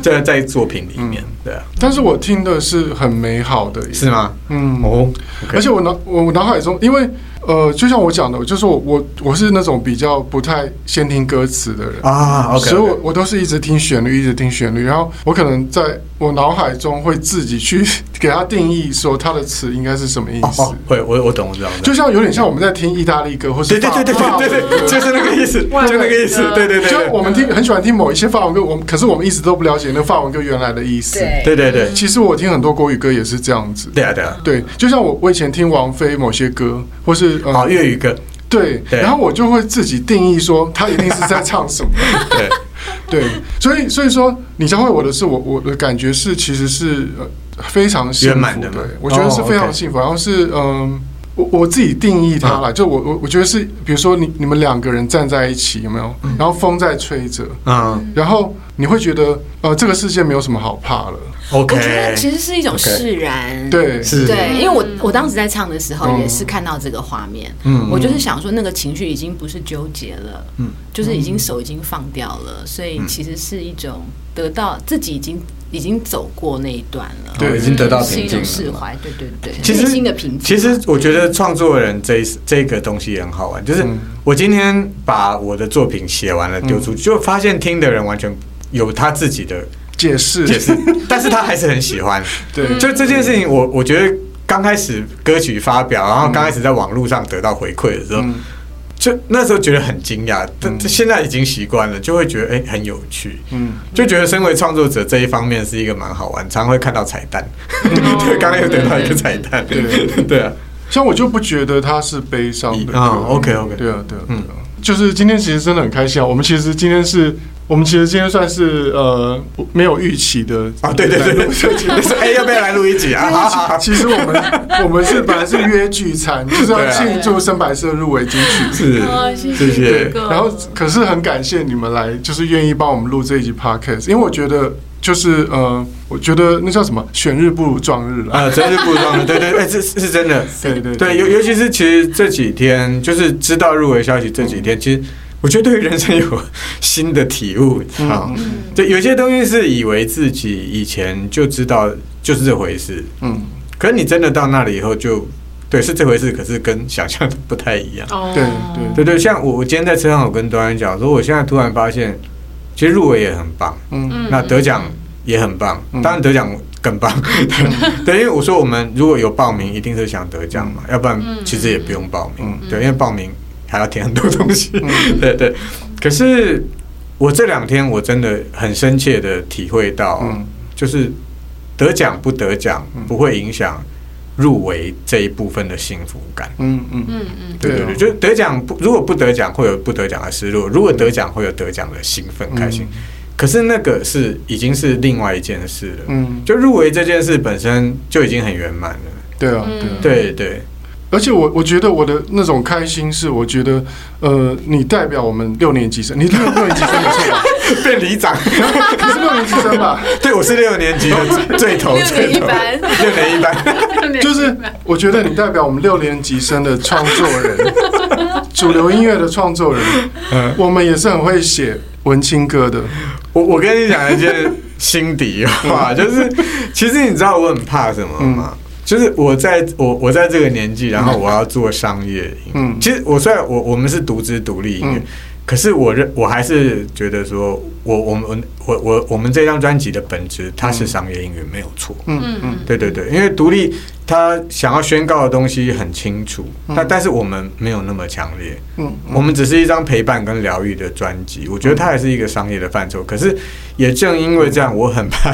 [SPEAKER 1] 在、嗯、在作品裡面，嗯、對啊。但是我聽的是很美好的，是嗎？嗯哦。Okay、而且我腦我，我腦海中，因為呃，就像我講的，就是我我我是那種比較不太先聽歌詞的人啊，okay, okay。所以我我都是一直聽旋律，一直聽旋律，然後我可能在我腦海中會自己去。給他定義說他的詞應該是什麼意思？會，我我懂我知道。就像有點像我們在聽意大利歌，或是對對對對對對，就是那個意思，就那個意思，對對對。就我們聽很喜歡聽某一些法文歌，我們可是我們一直都不了解那法文歌原來的意思。對對對，其實我聽很多國語歌也是這樣子。對啊，對啊，對，就像我我以前聽王菲某些歌，或是哦粵語歌，對，然後我就會自己定義說他一定是在唱什麼。對。 對，所以所以說，你教會我的是我我的感覺是，其實是呃非常圓滿的。對，我覺得是非常幸福，oh, okay. 然後是嗯。呃我我自己定義它了，就我我我覺得是，比如說你你們兩個人站在一起，有沒有？然後風在吹着，嗯，然後你會覺得，呃，這個世界沒有什麼好怕了。Okay, okay. 我覺得其實是一種釋然，Okay. 對，是是是是
[SPEAKER 5] 對，因為我、嗯、我當時在唱的時候也，也是看到這個畫面，嗯，我就是想說那個情緒已經不是糾結了，嗯，就是已經手已經放掉了，嗯、所以其實是一種得到自己已經。已經走過那一段了，對，已經得到了是，是一種釋懷，對對對，對其實新的品質，啊，
[SPEAKER 4] 其實我覺得創作人這一這個東西也很好玩，就是我今天把我的作品寫完了丟出去，嗯、就發現聽的人完全有他自己的解釋解釋釋， 但是他還是很喜歡。 對，就這件事情我，我我覺得剛開始歌曲發表，然後剛開始在網絡上得到回饋的時候。嗯嗯就那時候覺得很驚訝，但、嗯、現在已經習慣了，就會覺得哎、欸、很有趣，嗯，就覺得身為創作者這一方面是一個蠻好玩，常常會看到彩蛋，嗯、 對，剛剛、哦、又得到一個彩蛋，對、對、對、對、
[SPEAKER 1] 對啊，像我就不覺得它是悲傷的啊、哦、OK OK，對啊對啊，對啊對啊嗯，就是今天其實真的很開心啊，我們其實今天是。我們其實今天算是呃沒有預期的啊，對對對，錄一集。哎，要不要來錄一集啊？其實我們我們是本來是約聚餐，就是要慶祝深白色入圍進去，是謝謝。然後可是很感謝你們來，就是願意幫我們錄這一集 p a r k e s t 因為我覺得就是呃，我覺得那叫什麼？選日不如撞日了啊，真是不如撞日。對對，
[SPEAKER 4] 哎，這是真的，對對對，尤尤其是其實這幾天，就是知道入圍消息這幾天，其實。我覺得對於人生有新的體悟，你知道？嗯嗯、有些東西是以為自己以前就知道就是這回事，嗯。可是你真的到那裡以後就，就對是這回事，可是跟想象不太一樣。對、哦、對對對，像我我今天在車上,我跟端端講說，我現在突然發現，其實入圍也很棒，嗯，那得獎也很棒，嗯，當然得獎更棒，嗯。對，因為我說我們如果有報名，一定是想得獎嘛，要不然其實也不用報名。嗯嗯、對，因為報名。還要填很多東西、嗯，對對，對、嗯。可是我這兩天我真的很深切的體會到、嗯，就是得獎不得獎不會影響入圍這一部分的幸福感，嗯。嗯
[SPEAKER 6] 嗯嗯嗯，對對
[SPEAKER 4] 對，哦、就得獎不如果不得獎會有不得獎的失落，如果得獎會有得獎的興奮開心。嗯、可是那個是已經是另外一件事了。嗯，就入圍這件事本身就已經很圓滿了，
[SPEAKER 1] 對、哦。對啊、嗯，對對對。而且我我覺得我的那種開心是，我覺得，呃，你代表我們六年級生，你六六年級生沒錯吧？ 變里長， 你是六年級生吧？ 對，我是六年級的最頭最頭， 六年一班，就是我覺得你代表我們六年級生的創作人， 主流音樂的創作人，嗯、我們也是很會寫文青歌的。我我跟你講一件心底話， 就是
[SPEAKER 4] 其實你知道我很怕什麼嗎？嗯就是我在，在我我在這個年紀，然後我要做商業，業。 嗯，其實我雖然我我們是獨資獨立音樂。嗯可是我認我還是覺得說，我我們我我我們這張專輯的本質，它是商業音樂，嗯、沒有錯、嗯。嗯嗯，對對對，因為獨立他想要宣告的東西很清楚，嗯、但但是我們沒有那麼強烈。嗯，我們只是一張陪伴跟療癒的專輯，嗯、我覺得它還是一個商業的範疇。嗯、可是也正因為這樣，我很怕，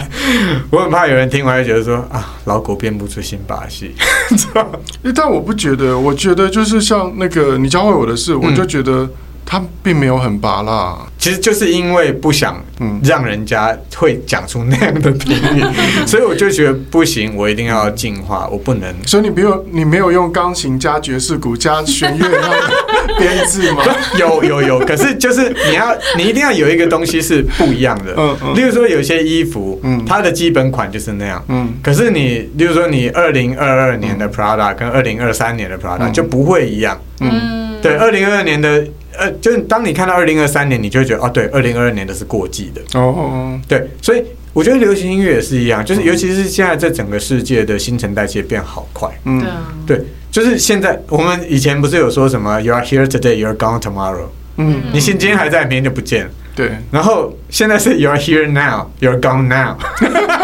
[SPEAKER 4] 我很怕有人聽完就覺得說啊，老狗變不出新把戲。嗯、
[SPEAKER 1] 知道嗎？但我不覺得，我覺得就是像那個你教會我的事，嗯、我就覺得。他並沒有很拔辣，其實就是因為不想，讓人家會講出那樣的評語，
[SPEAKER 4] 嗯、所以我就覺得不行，我一定要進化，嗯、我不能。所以你不用，你沒有用鋼琴加爵士鼓加弦樂那種編制嗎？ 有有有，可是就是你要，你一定要有一個東西是不一樣的，嗯嗯、例如說，有些衣服，嗯、它的基本款就是那樣，嗯。可是你，例如說，你二零二二年的 Prada 跟二零二三年的 Prada 就不會一樣，嗯。嗯對，二零二二年的。呃，就是當你看到二零二三年，你就會覺得哦，對，二零二二年的是過季的哦。Oh. 對，所以我覺得流行音樂也是一樣，就是尤其是現在這整個世界的新陳代謝變好快。嗯，mm. mm. 對，就是現在我們以前不是有說什麼 “You are here today, you are gone tomorrow”？嗯
[SPEAKER 1] ，mm. 你
[SPEAKER 4] 現今天還在，明天就不見了。對，mm. 然後現在是 “You are here now, you are gone now”。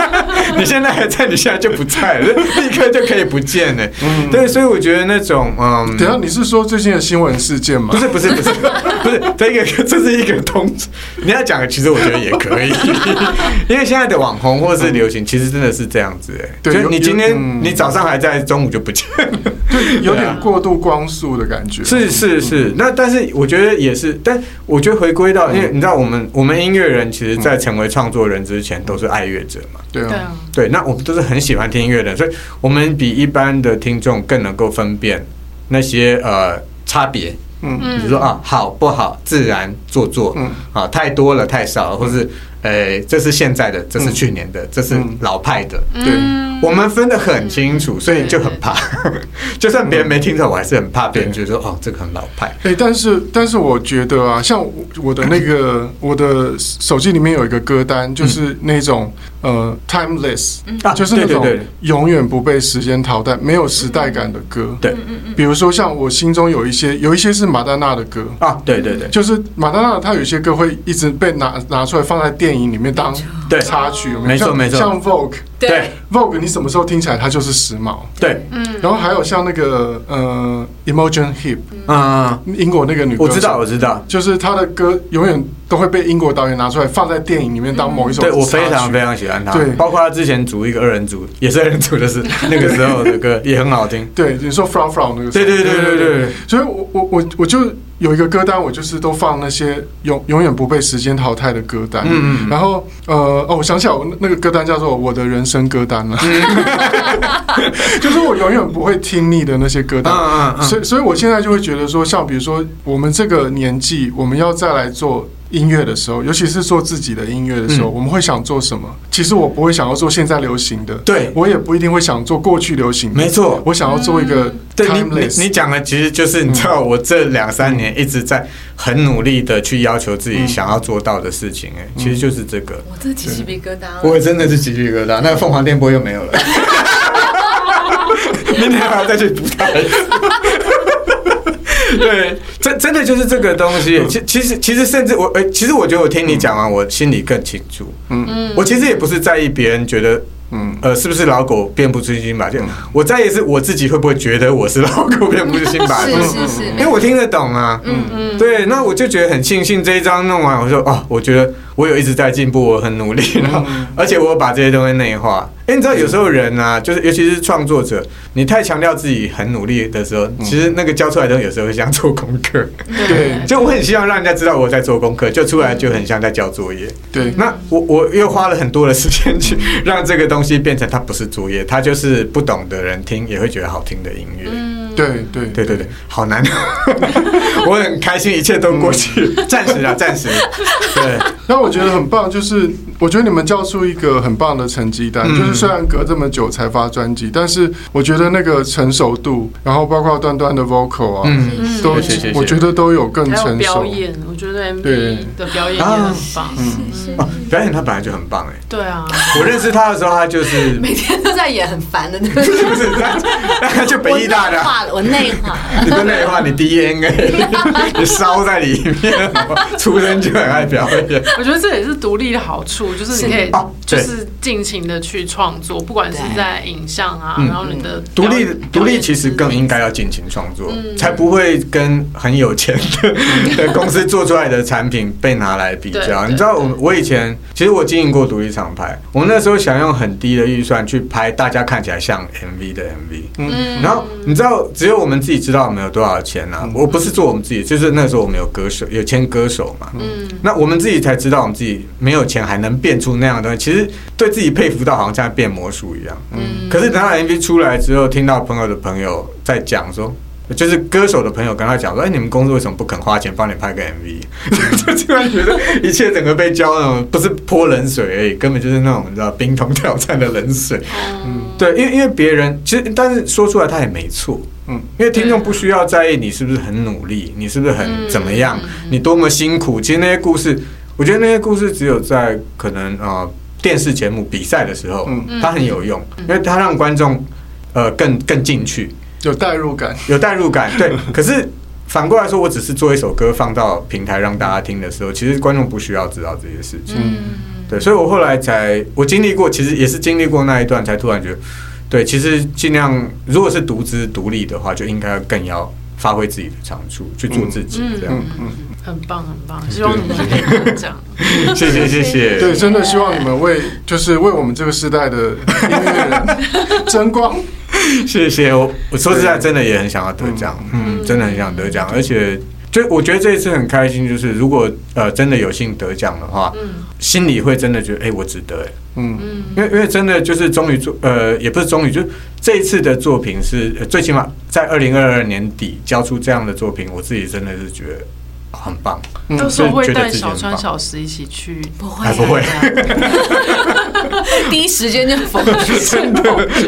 [SPEAKER 4] 你現在還在，你現在就不在了，立刻就可以不見了。對，所以我覺得那種，嗯，對啊，
[SPEAKER 1] 你是說最近的新聞事件嗎？
[SPEAKER 4] 不是，不是，不是，不是，這個這是一個通知，你要講的，其實我覺得也可以，因為現在的網紅或者是流行，其實真的是這樣子。對，你今天你早上還在，中午就不見了，有點
[SPEAKER 1] 過度光速的感覺。是是
[SPEAKER 4] 是，那但是我覺得也是，但我覺得回歸到，因為你知道，我們我們音樂人其實，在成為創作人之前，都是愛樂者嘛。對啊。對，那我們都是很喜歡聽音樂的，所以我們比一般的聽眾更能夠分辨那些呃差別。嗯，
[SPEAKER 6] 比如說
[SPEAKER 4] 啊，好不好？自然做作，嗯，啊，太多了，太少了，或是誒、欸，這是現在的，這是去年的，嗯、這是老派的。嗯、對，我們分得很清楚，所以就很怕。對對對 就算別人沒聽出來，嗯、我還是很怕別人對 覺得說哦，這個很老派。
[SPEAKER 1] 對、欸，但是但是我覺得啊，像我的那個、嗯、我的手機裡面有一個歌單，就是那種。呃，timeless，就是那種永遠不被時間淘汰，沒有時代感的歌。對，比如說像我心中有一些，有一些是馬丹娜的歌啊，對對對，就是馬丹娜，她有些歌會一直被拿拿出來放在電影裡面當。對插曲，沒錯沒錯，像 Vogue，對 Vogue，你什麼時候聽起來它就是時髦？對，嗯，然後還有像那個呃，Imogen Heap，嗯，英國那個女歌手，我知道我知道，就是她的歌永遠都會被英國導演拿出來放在電影裡面當某一首。對，我非常非常喜歡她，對，包括她之前組
[SPEAKER 4] 一個二人組，也是二人組的，是那個時候的歌也很好聽。
[SPEAKER 1] 對，你說 From From 那個，對對對對對，所以我我我就。有一個歌單，我就是都放那些永永遠不被時間淘汰的歌單。嗯嗯。然後，呃，哦，我想起來，我那個歌單叫做我的人生歌單了。嗯、 就是我永遠不會聽膩的那些歌單。嗯嗯，嗯。所以，所以我現在就會覺得說，像比如說，我們這個年紀，我們要再來做。音樂的時候，尤其是做自己的音樂的時候，我們會想做什麼？其實我不會想要做現在流行的，對，我也不一定會想做過去流行的。沒錯，我想要做一個。對你，你
[SPEAKER 4] 講的其實就是你知道，我這兩三年一直在很努力的去要求自己想要做到的事情，哎，其實就是這個。
[SPEAKER 3] 我
[SPEAKER 4] 我真的是雞皮疙瘩，那個鳳凰電波又沒有
[SPEAKER 3] 了。
[SPEAKER 4] 明天還要再去補打。 對，真真的就是這個東西。其其實其實，其實甚至我、欸，其實我覺得我聽你講完、啊，嗯、我心裡更清楚。嗯嗯，我其實也不是在意別人覺得，嗯呃，是不是老狗變不出新把戲？我在意是我自己會不會覺得我是老狗變不出新把戲。 是是是，嗯、因為我聽得懂啊。嗯嗯，對，那我就覺得很慶幸，幸這一張弄完，我說啊、哦，我覺得。我有一直在進步，我很努力，然後而且我把這些東西內化。哎，你知道有時候人啊，就是尤其是創作者，你太強調自己很努力的時候，其實那個教出來的東西有時候會像做功課。對，就我很希望讓人家知道我在做功課，就出來就很像在交作業。對，那我我又花了很多的時間去讓這個東西變成它不是作業，它就是不懂的人聽也會覺得好聽的音樂。對對對
[SPEAKER 1] 對對，好難， 我很開心，一切都過去，嗯暫，暫時啊，暫時。對，那我覺得很棒，就是。我覺得你們交出一個很棒的成績單，就是雖然隔這麼久才發專輯，但是我覺得那個成熟度，然後包括段段的 vocal 啊，嗯，我覺得都有更成熟。
[SPEAKER 2] 還有表演，我覺得 MV 的表演很
[SPEAKER 4] 棒。表演他本來就很棒哎。
[SPEAKER 2] 對
[SPEAKER 4] 啊。我認識他的時候，他就是每
[SPEAKER 5] 天都在演很煩的那個。不是，
[SPEAKER 4] 那他就北藝大的，
[SPEAKER 5] 我內
[SPEAKER 2] 化。你內
[SPEAKER 4] 化，你 DNA。你燒在裡面，出生就很愛表演。
[SPEAKER 2] 我覺得這也是獨立的好處。就是你可以就是盡情的去創作，不管是在影像啊，然後你
[SPEAKER 4] 的獨立、嗯嗯、獨立其實更應該要盡情創作，才不會跟很有錢的公司做出來的產品被拿來比較。你知道我我以前其實我經營過獨立廠牌，我們那時候想用很低的預算去拍大家看起來像 MV 的 MV，嗯，然後你知道只有我們自己知道我們有多少錢呢、啊？我不是做我們自己，就是那時候我們有歌手有簽歌手嘛，嗯，那我們自己才知道我們自己沒有錢還能。變出那樣的東西，其實對自己佩服到好像在變魔術一樣。嗯，嗯，可是等他 MV 出來之後，聽到朋友的朋友在講說，就是歌手的朋友跟他講說：“哎、欸，你們公司為什麼不肯花錢幫你拍個 MV？” 就突然覺得一切整個被澆那種不是潑冷水而已，根本就是那種你知道冰桶挑戰的冷水。嗯，對，因為因為別人其實，但是說出來他也沒錯。嗯，因為聽眾不需要在意你是不是很努力，你是不是很怎麼樣，嗯、你多麼辛苦。其實那些故事。我覺得那些故事只有在可能呃電視節目比賽的時候，嗯，它很有用，嗯、因為它讓觀眾呃更更進去，有代入感，有代入感，對。 可是反過來說，我只是做一首歌放到平台讓大家聽的時候，嗯、其實觀眾不需要知道這些事情，嗯，對。所以我後來才我經歷過，其實也是經歷過那一段，才突然覺得，對，其實盡量，如果是獨自獨立的話，就應該更要
[SPEAKER 1] 發揮自己的長處去做自己，嗯、這樣，嗯嗯嗯
[SPEAKER 2] 很棒，很棒！希望你們可以得獎，對 謝謝，
[SPEAKER 1] 謝謝。對，真的希望你們為就是為我們這個世代的音樂人爭光。
[SPEAKER 4] 謝謝我，我說實在，真的也很想要得獎，對嗯，嗯，真的很想得獎。嗯嗯、而且，就我覺得這一次很開心，就是如果呃真的有幸得獎的話，嗯，心裡會真的覺得，哎、欸，我值得。嗯，
[SPEAKER 6] 因
[SPEAKER 4] 為、嗯、因為真的就是終於做，呃，也不是終於，就這一次的作品是，呃、最起碼在二零二二年底交出這樣的作品，我自己真的是覺得。很棒，到時候會帶小川
[SPEAKER 2] 小石一起去，不會，不會，第一時間就否
[SPEAKER 6] 決，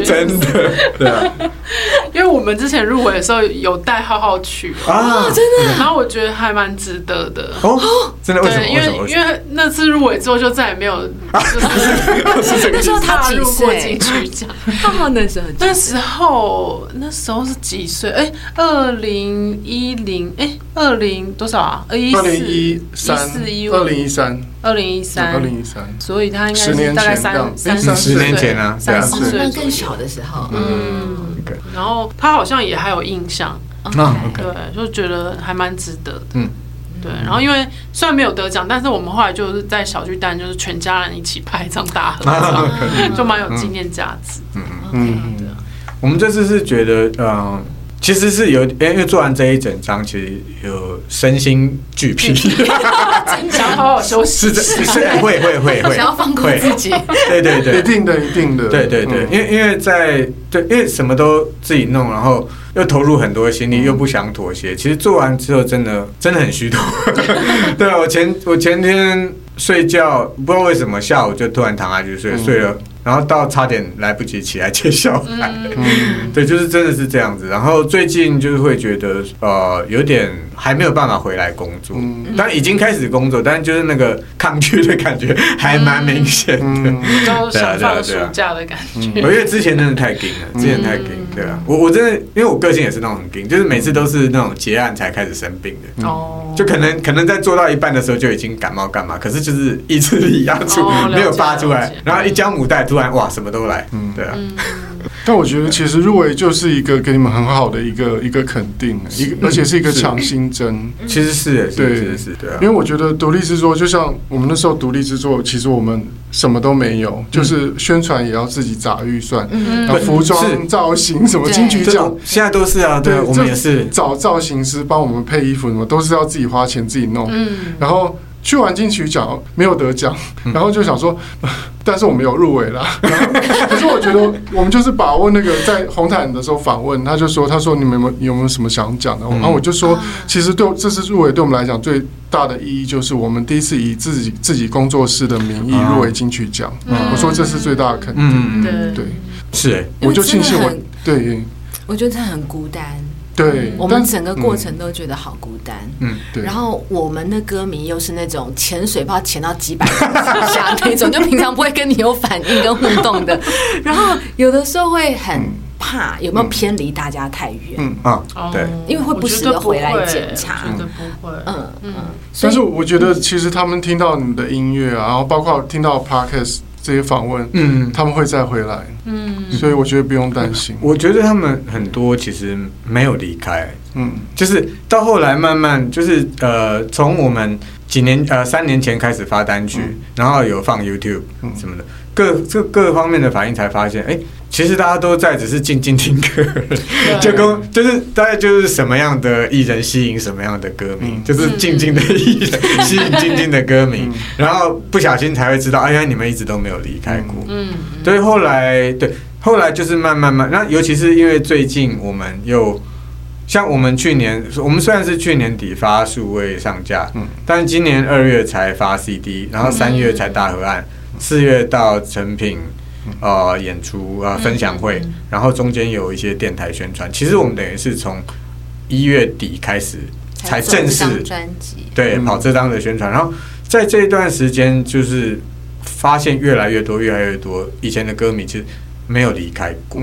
[SPEAKER 6] 真的，
[SPEAKER 2] 對啊，因為我們之前入圍的時候有帶浩浩去啊，真的，然後我覺得還蠻值得的哦，
[SPEAKER 6] 真的，對，因為因
[SPEAKER 2] 為那次入圍之後就再也沒有，就是，那時候他入過金曲獎浩浩那時候那時候是幾歲？哎，二零一零哎。二零多少啊？二一四一四一，二零一三，二零一
[SPEAKER 1] 三，二零一三，所以他應該十年前，三十十年前啊，三十歲更小的時候，
[SPEAKER 2] 嗯，然後他好像也還有印象，那對，就覺得還蠻值得的，嗯，對。然後因為雖然沒有得獎，但是我們後來就是在小巨蛋，就是全家人一起拍一張大合照，就蠻有紀念價值，嗯嗯
[SPEAKER 4] 嗯。我們這次是覺得，嗯。其實是有，因為做完這一整張，其實有身心俱疲 的，真
[SPEAKER 2] 想好好休息。是的，是的，欸，會會會會，想要放過自己。對
[SPEAKER 4] 對對，一定的，一定的。嗯、對對對，嗯，因為因為在對，因為什麼都自己弄，然後又投入很多心力，嗯，又不想妥協，其實做完之後真的真的很虛脫。 對我前我前天睡覺不知道為什麼下午就突然躺下去睡，嗯，睡了。然後到差點來不及起來接小孩，嗯、對，就是真的是這樣子。然後最近就是會覺得，呃，有點還沒有辦法回來工作，嗯、但已經開始工作，但就是那個抗拒的感覺還蠻明顯的，都想對，放暑假的感覺。因為之前真的太拼了，嗯、之前太拼了。對啊，我我真的因為我個性也是那種很 ㄍㄧㄥ，就是每次都是那種結案才開始生病的，
[SPEAKER 6] 嗯、
[SPEAKER 4] 就可能可能在做到一半的時候就已經感冒干嘛，可是就是意志力壓住，哦、沒有發出來，然後一交母帶，突然哇什麼都來，
[SPEAKER 1] 嗯、對啊，嗯、 但我覺得其實入圍就是一個給你們很好的一個一個肯定，一個是而且是一個強心針，是是嗯、其實是對，是,是對啊。因為我覺得獨立制作就像我們那時候獨立制作，其實我們。什麼都沒有，嗯、就是宣傳也要自己砸預算，然後服裝、造型什麼金曲獎，現在都是啊，對啊，對，我們也是找造型師幫我們配衣服，什麼都是要自己花錢自己弄。嗯、然後去完金曲獎沒有得獎，然後就想說。嗯 但是我沒有入圍啦，可是我覺得我們就是把握那個在紅毯的時候訪問，他就說，他說你們有沒有，有沒有什麼想講的？然後我就說，其實對這次入圍對我們來講最大的意義就是我們第一次以自己自己工作室的名義入圍金曲獎，我說這是最大的肯定，對，是，我就慶幸我，對，
[SPEAKER 5] 我覺得他很孤單。
[SPEAKER 1] 對我們整個過程
[SPEAKER 5] 都覺得好孤單，嗯，對。然後我們的歌迷又是那種潛水，怕潛到幾百米下那種，就平常不會跟你有反應跟互動的。然後有的時候會很怕，有沒有偏離大家太遠？嗯
[SPEAKER 1] 啊，對，因為會不時的回來檢查，覺得
[SPEAKER 5] 不
[SPEAKER 1] 會，嗯嗯。但是我覺得，其實他們聽到你的音樂啊，然後包括聽到 podcast 這些訪問，嗯，他們會再回來，嗯，所以我覺得不用擔心，嗯。我覺得他們很多其實沒有離開，
[SPEAKER 4] 嗯，就是到後來慢慢，就是呃，從我們幾年，呃，三年前開始發單曲，嗯，然後有放 YouTube 什麼的。嗯，嗯各各各方面的反應才發現，哎、欸，其實大家都在只是靜靜聽歌，對 就跟就是大概就是什麼樣的藝人吸引什麼樣的歌迷，嗯、就是靜靜的藝人吸引靜靜的歌迷，嗯、然後不小心才會知道，哎呀，你們一直都沒有離開過。
[SPEAKER 6] 嗯，
[SPEAKER 4] 所以後來對後來就是慢，慢慢慢，那尤其是因為最近我們又像我們去年，我們雖然是去年底發數位上架，嗯，但是今年二月才發 CD，然後三月才大河岸。嗯嗯四月到成品，呃，演出啊、呃，分享會，然後中間有一些電台宣傳。其實我們等於是從一月底開始才正式專輯，對，跑這張的宣傳。然後在這一段時間，就是發現越來越多越來越多以前的歌迷其實沒有離開過，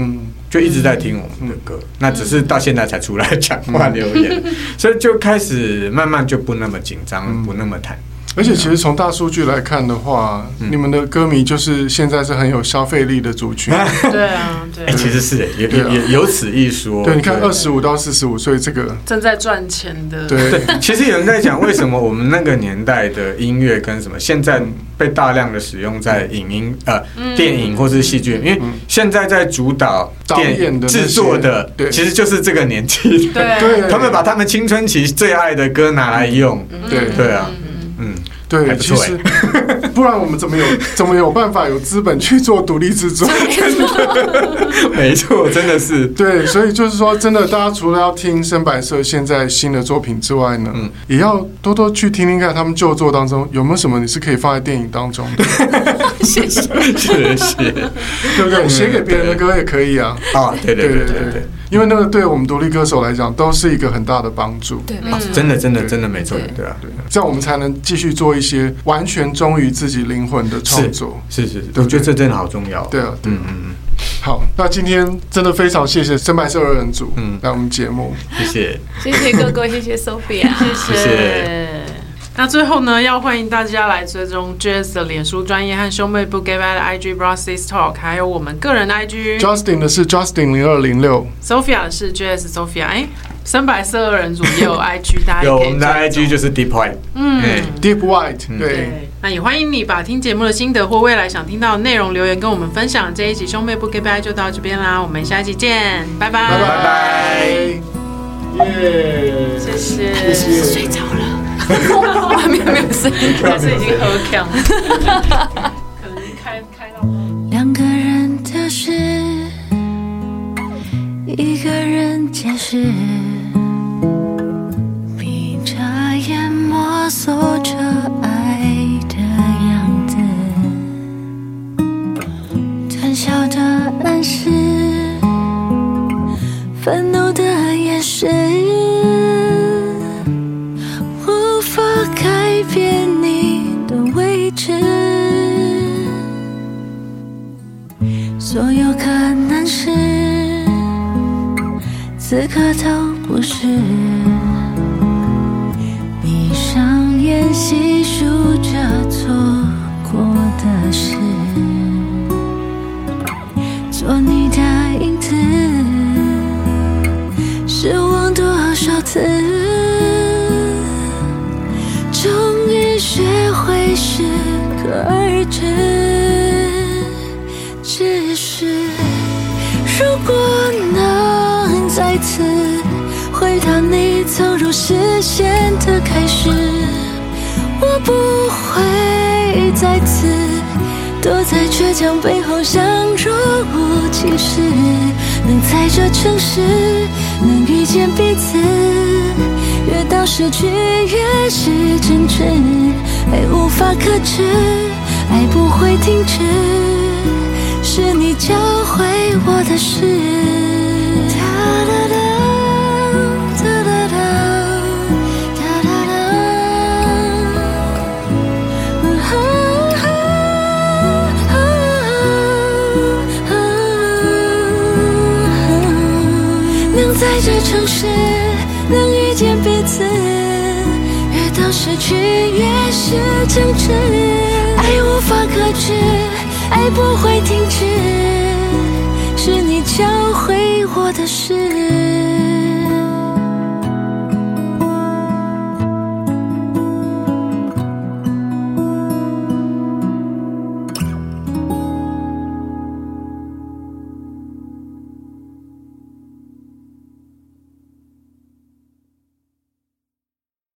[SPEAKER 4] 就一直在聽我們的歌。那只是到現在才出來講話
[SPEAKER 1] 留言，所以就開始慢慢就不那麼緊張，不那麼談。而且其實從大數據來看的話，你們的歌迷就是現在是很有消費力的族群。對啊，對，其實
[SPEAKER 4] 是也也有此一說。對，你看
[SPEAKER 1] 二十五到四十五歲這個
[SPEAKER 2] 正在賺錢的。對，其實有
[SPEAKER 4] 人在講為什麼我們那個年代的音樂跟什麼現在被大量的使用在影音呃電影或是戲劇，因為現在在主導導演的制作的其實就是這個年紀。對，他們把他們青春期最愛的歌拿來用。對，對啊。對，其實
[SPEAKER 1] 不,、欸、 不然，我們怎麼有怎麼有辦法有資本去做獨立制作？的 沒錯，真的是對，所以就是說，真的，大家除了要聽深白色現在新的作品之外呢，嗯、也要多多去聽聽看他們舊作當中有沒有什麼你是可以放在電影當中的。謝謝，謝謝， 對不對？寫、嗯、給別人的歌也可以啊，啊，對,對對對對對。因為那個對我們獨立歌手來講，都是一個很大的幫助。對。對、嗯啊，真的，真的，真的沒錯，對，對，對啊，對。這樣我們才能繼續做一些完全忠於自己靈魂的創作。是
[SPEAKER 4] 是，是是，對對我覺得這真的好
[SPEAKER 1] 重要、啊。對啊，嗯嗯嗯。好，那今天真的非常謝謝深白色二人組，嗯，來我們節目，嗯、謝謝，
[SPEAKER 2] 謝謝哥哥，謝謝 Sophia， 謝謝。 謝謝那最後呢，要歡迎大家來追蹤 JS 的臉書專頁和兄妹不 goodbye 的 IG BroSisTalk，還有我們個人的 IG。Justin
[SPEAKER 1] 的是 Justin 零二零六
[SPEAKER 2] ，Sophia 的是 JS Sophia，哎、欸，深白色二人組也有 IG， 大家有我
[SPEAKER 1] 們的 IG 就是 Deep White，嗯
[SPEAKER 2] ，Deep White，對。那也歡迎你把聽節目的心得或未來想聽到的內容留言跟我們分享。這一集兄妹不 goodbye 就到這邊啦，我們下期見，拜拜拜拜。耶，yeah, 謝謝，謝謝 睡着了。外 面沒有聲音但 是已經喝強了。
[SPEAKER 3] 可能開開到。兩個人的事，一個人解釋。閉着眼摸索着愛的樣子，膽小的暗示。此刻都不是，閉上眼細數着錯過的事，做你的影子，失望多少次，終於學會適可而止。視線的開始，我不會再次躲在倔強背後，想若無其事。能在這城市，能遇見彼此，越到失去越是真摯，愛無法克制，愛不會停止，是你教會我的事。在這城市，能遇見彼此，越到失去越是堅持。愛無法剋制，愛不會停止，是你教會我的事。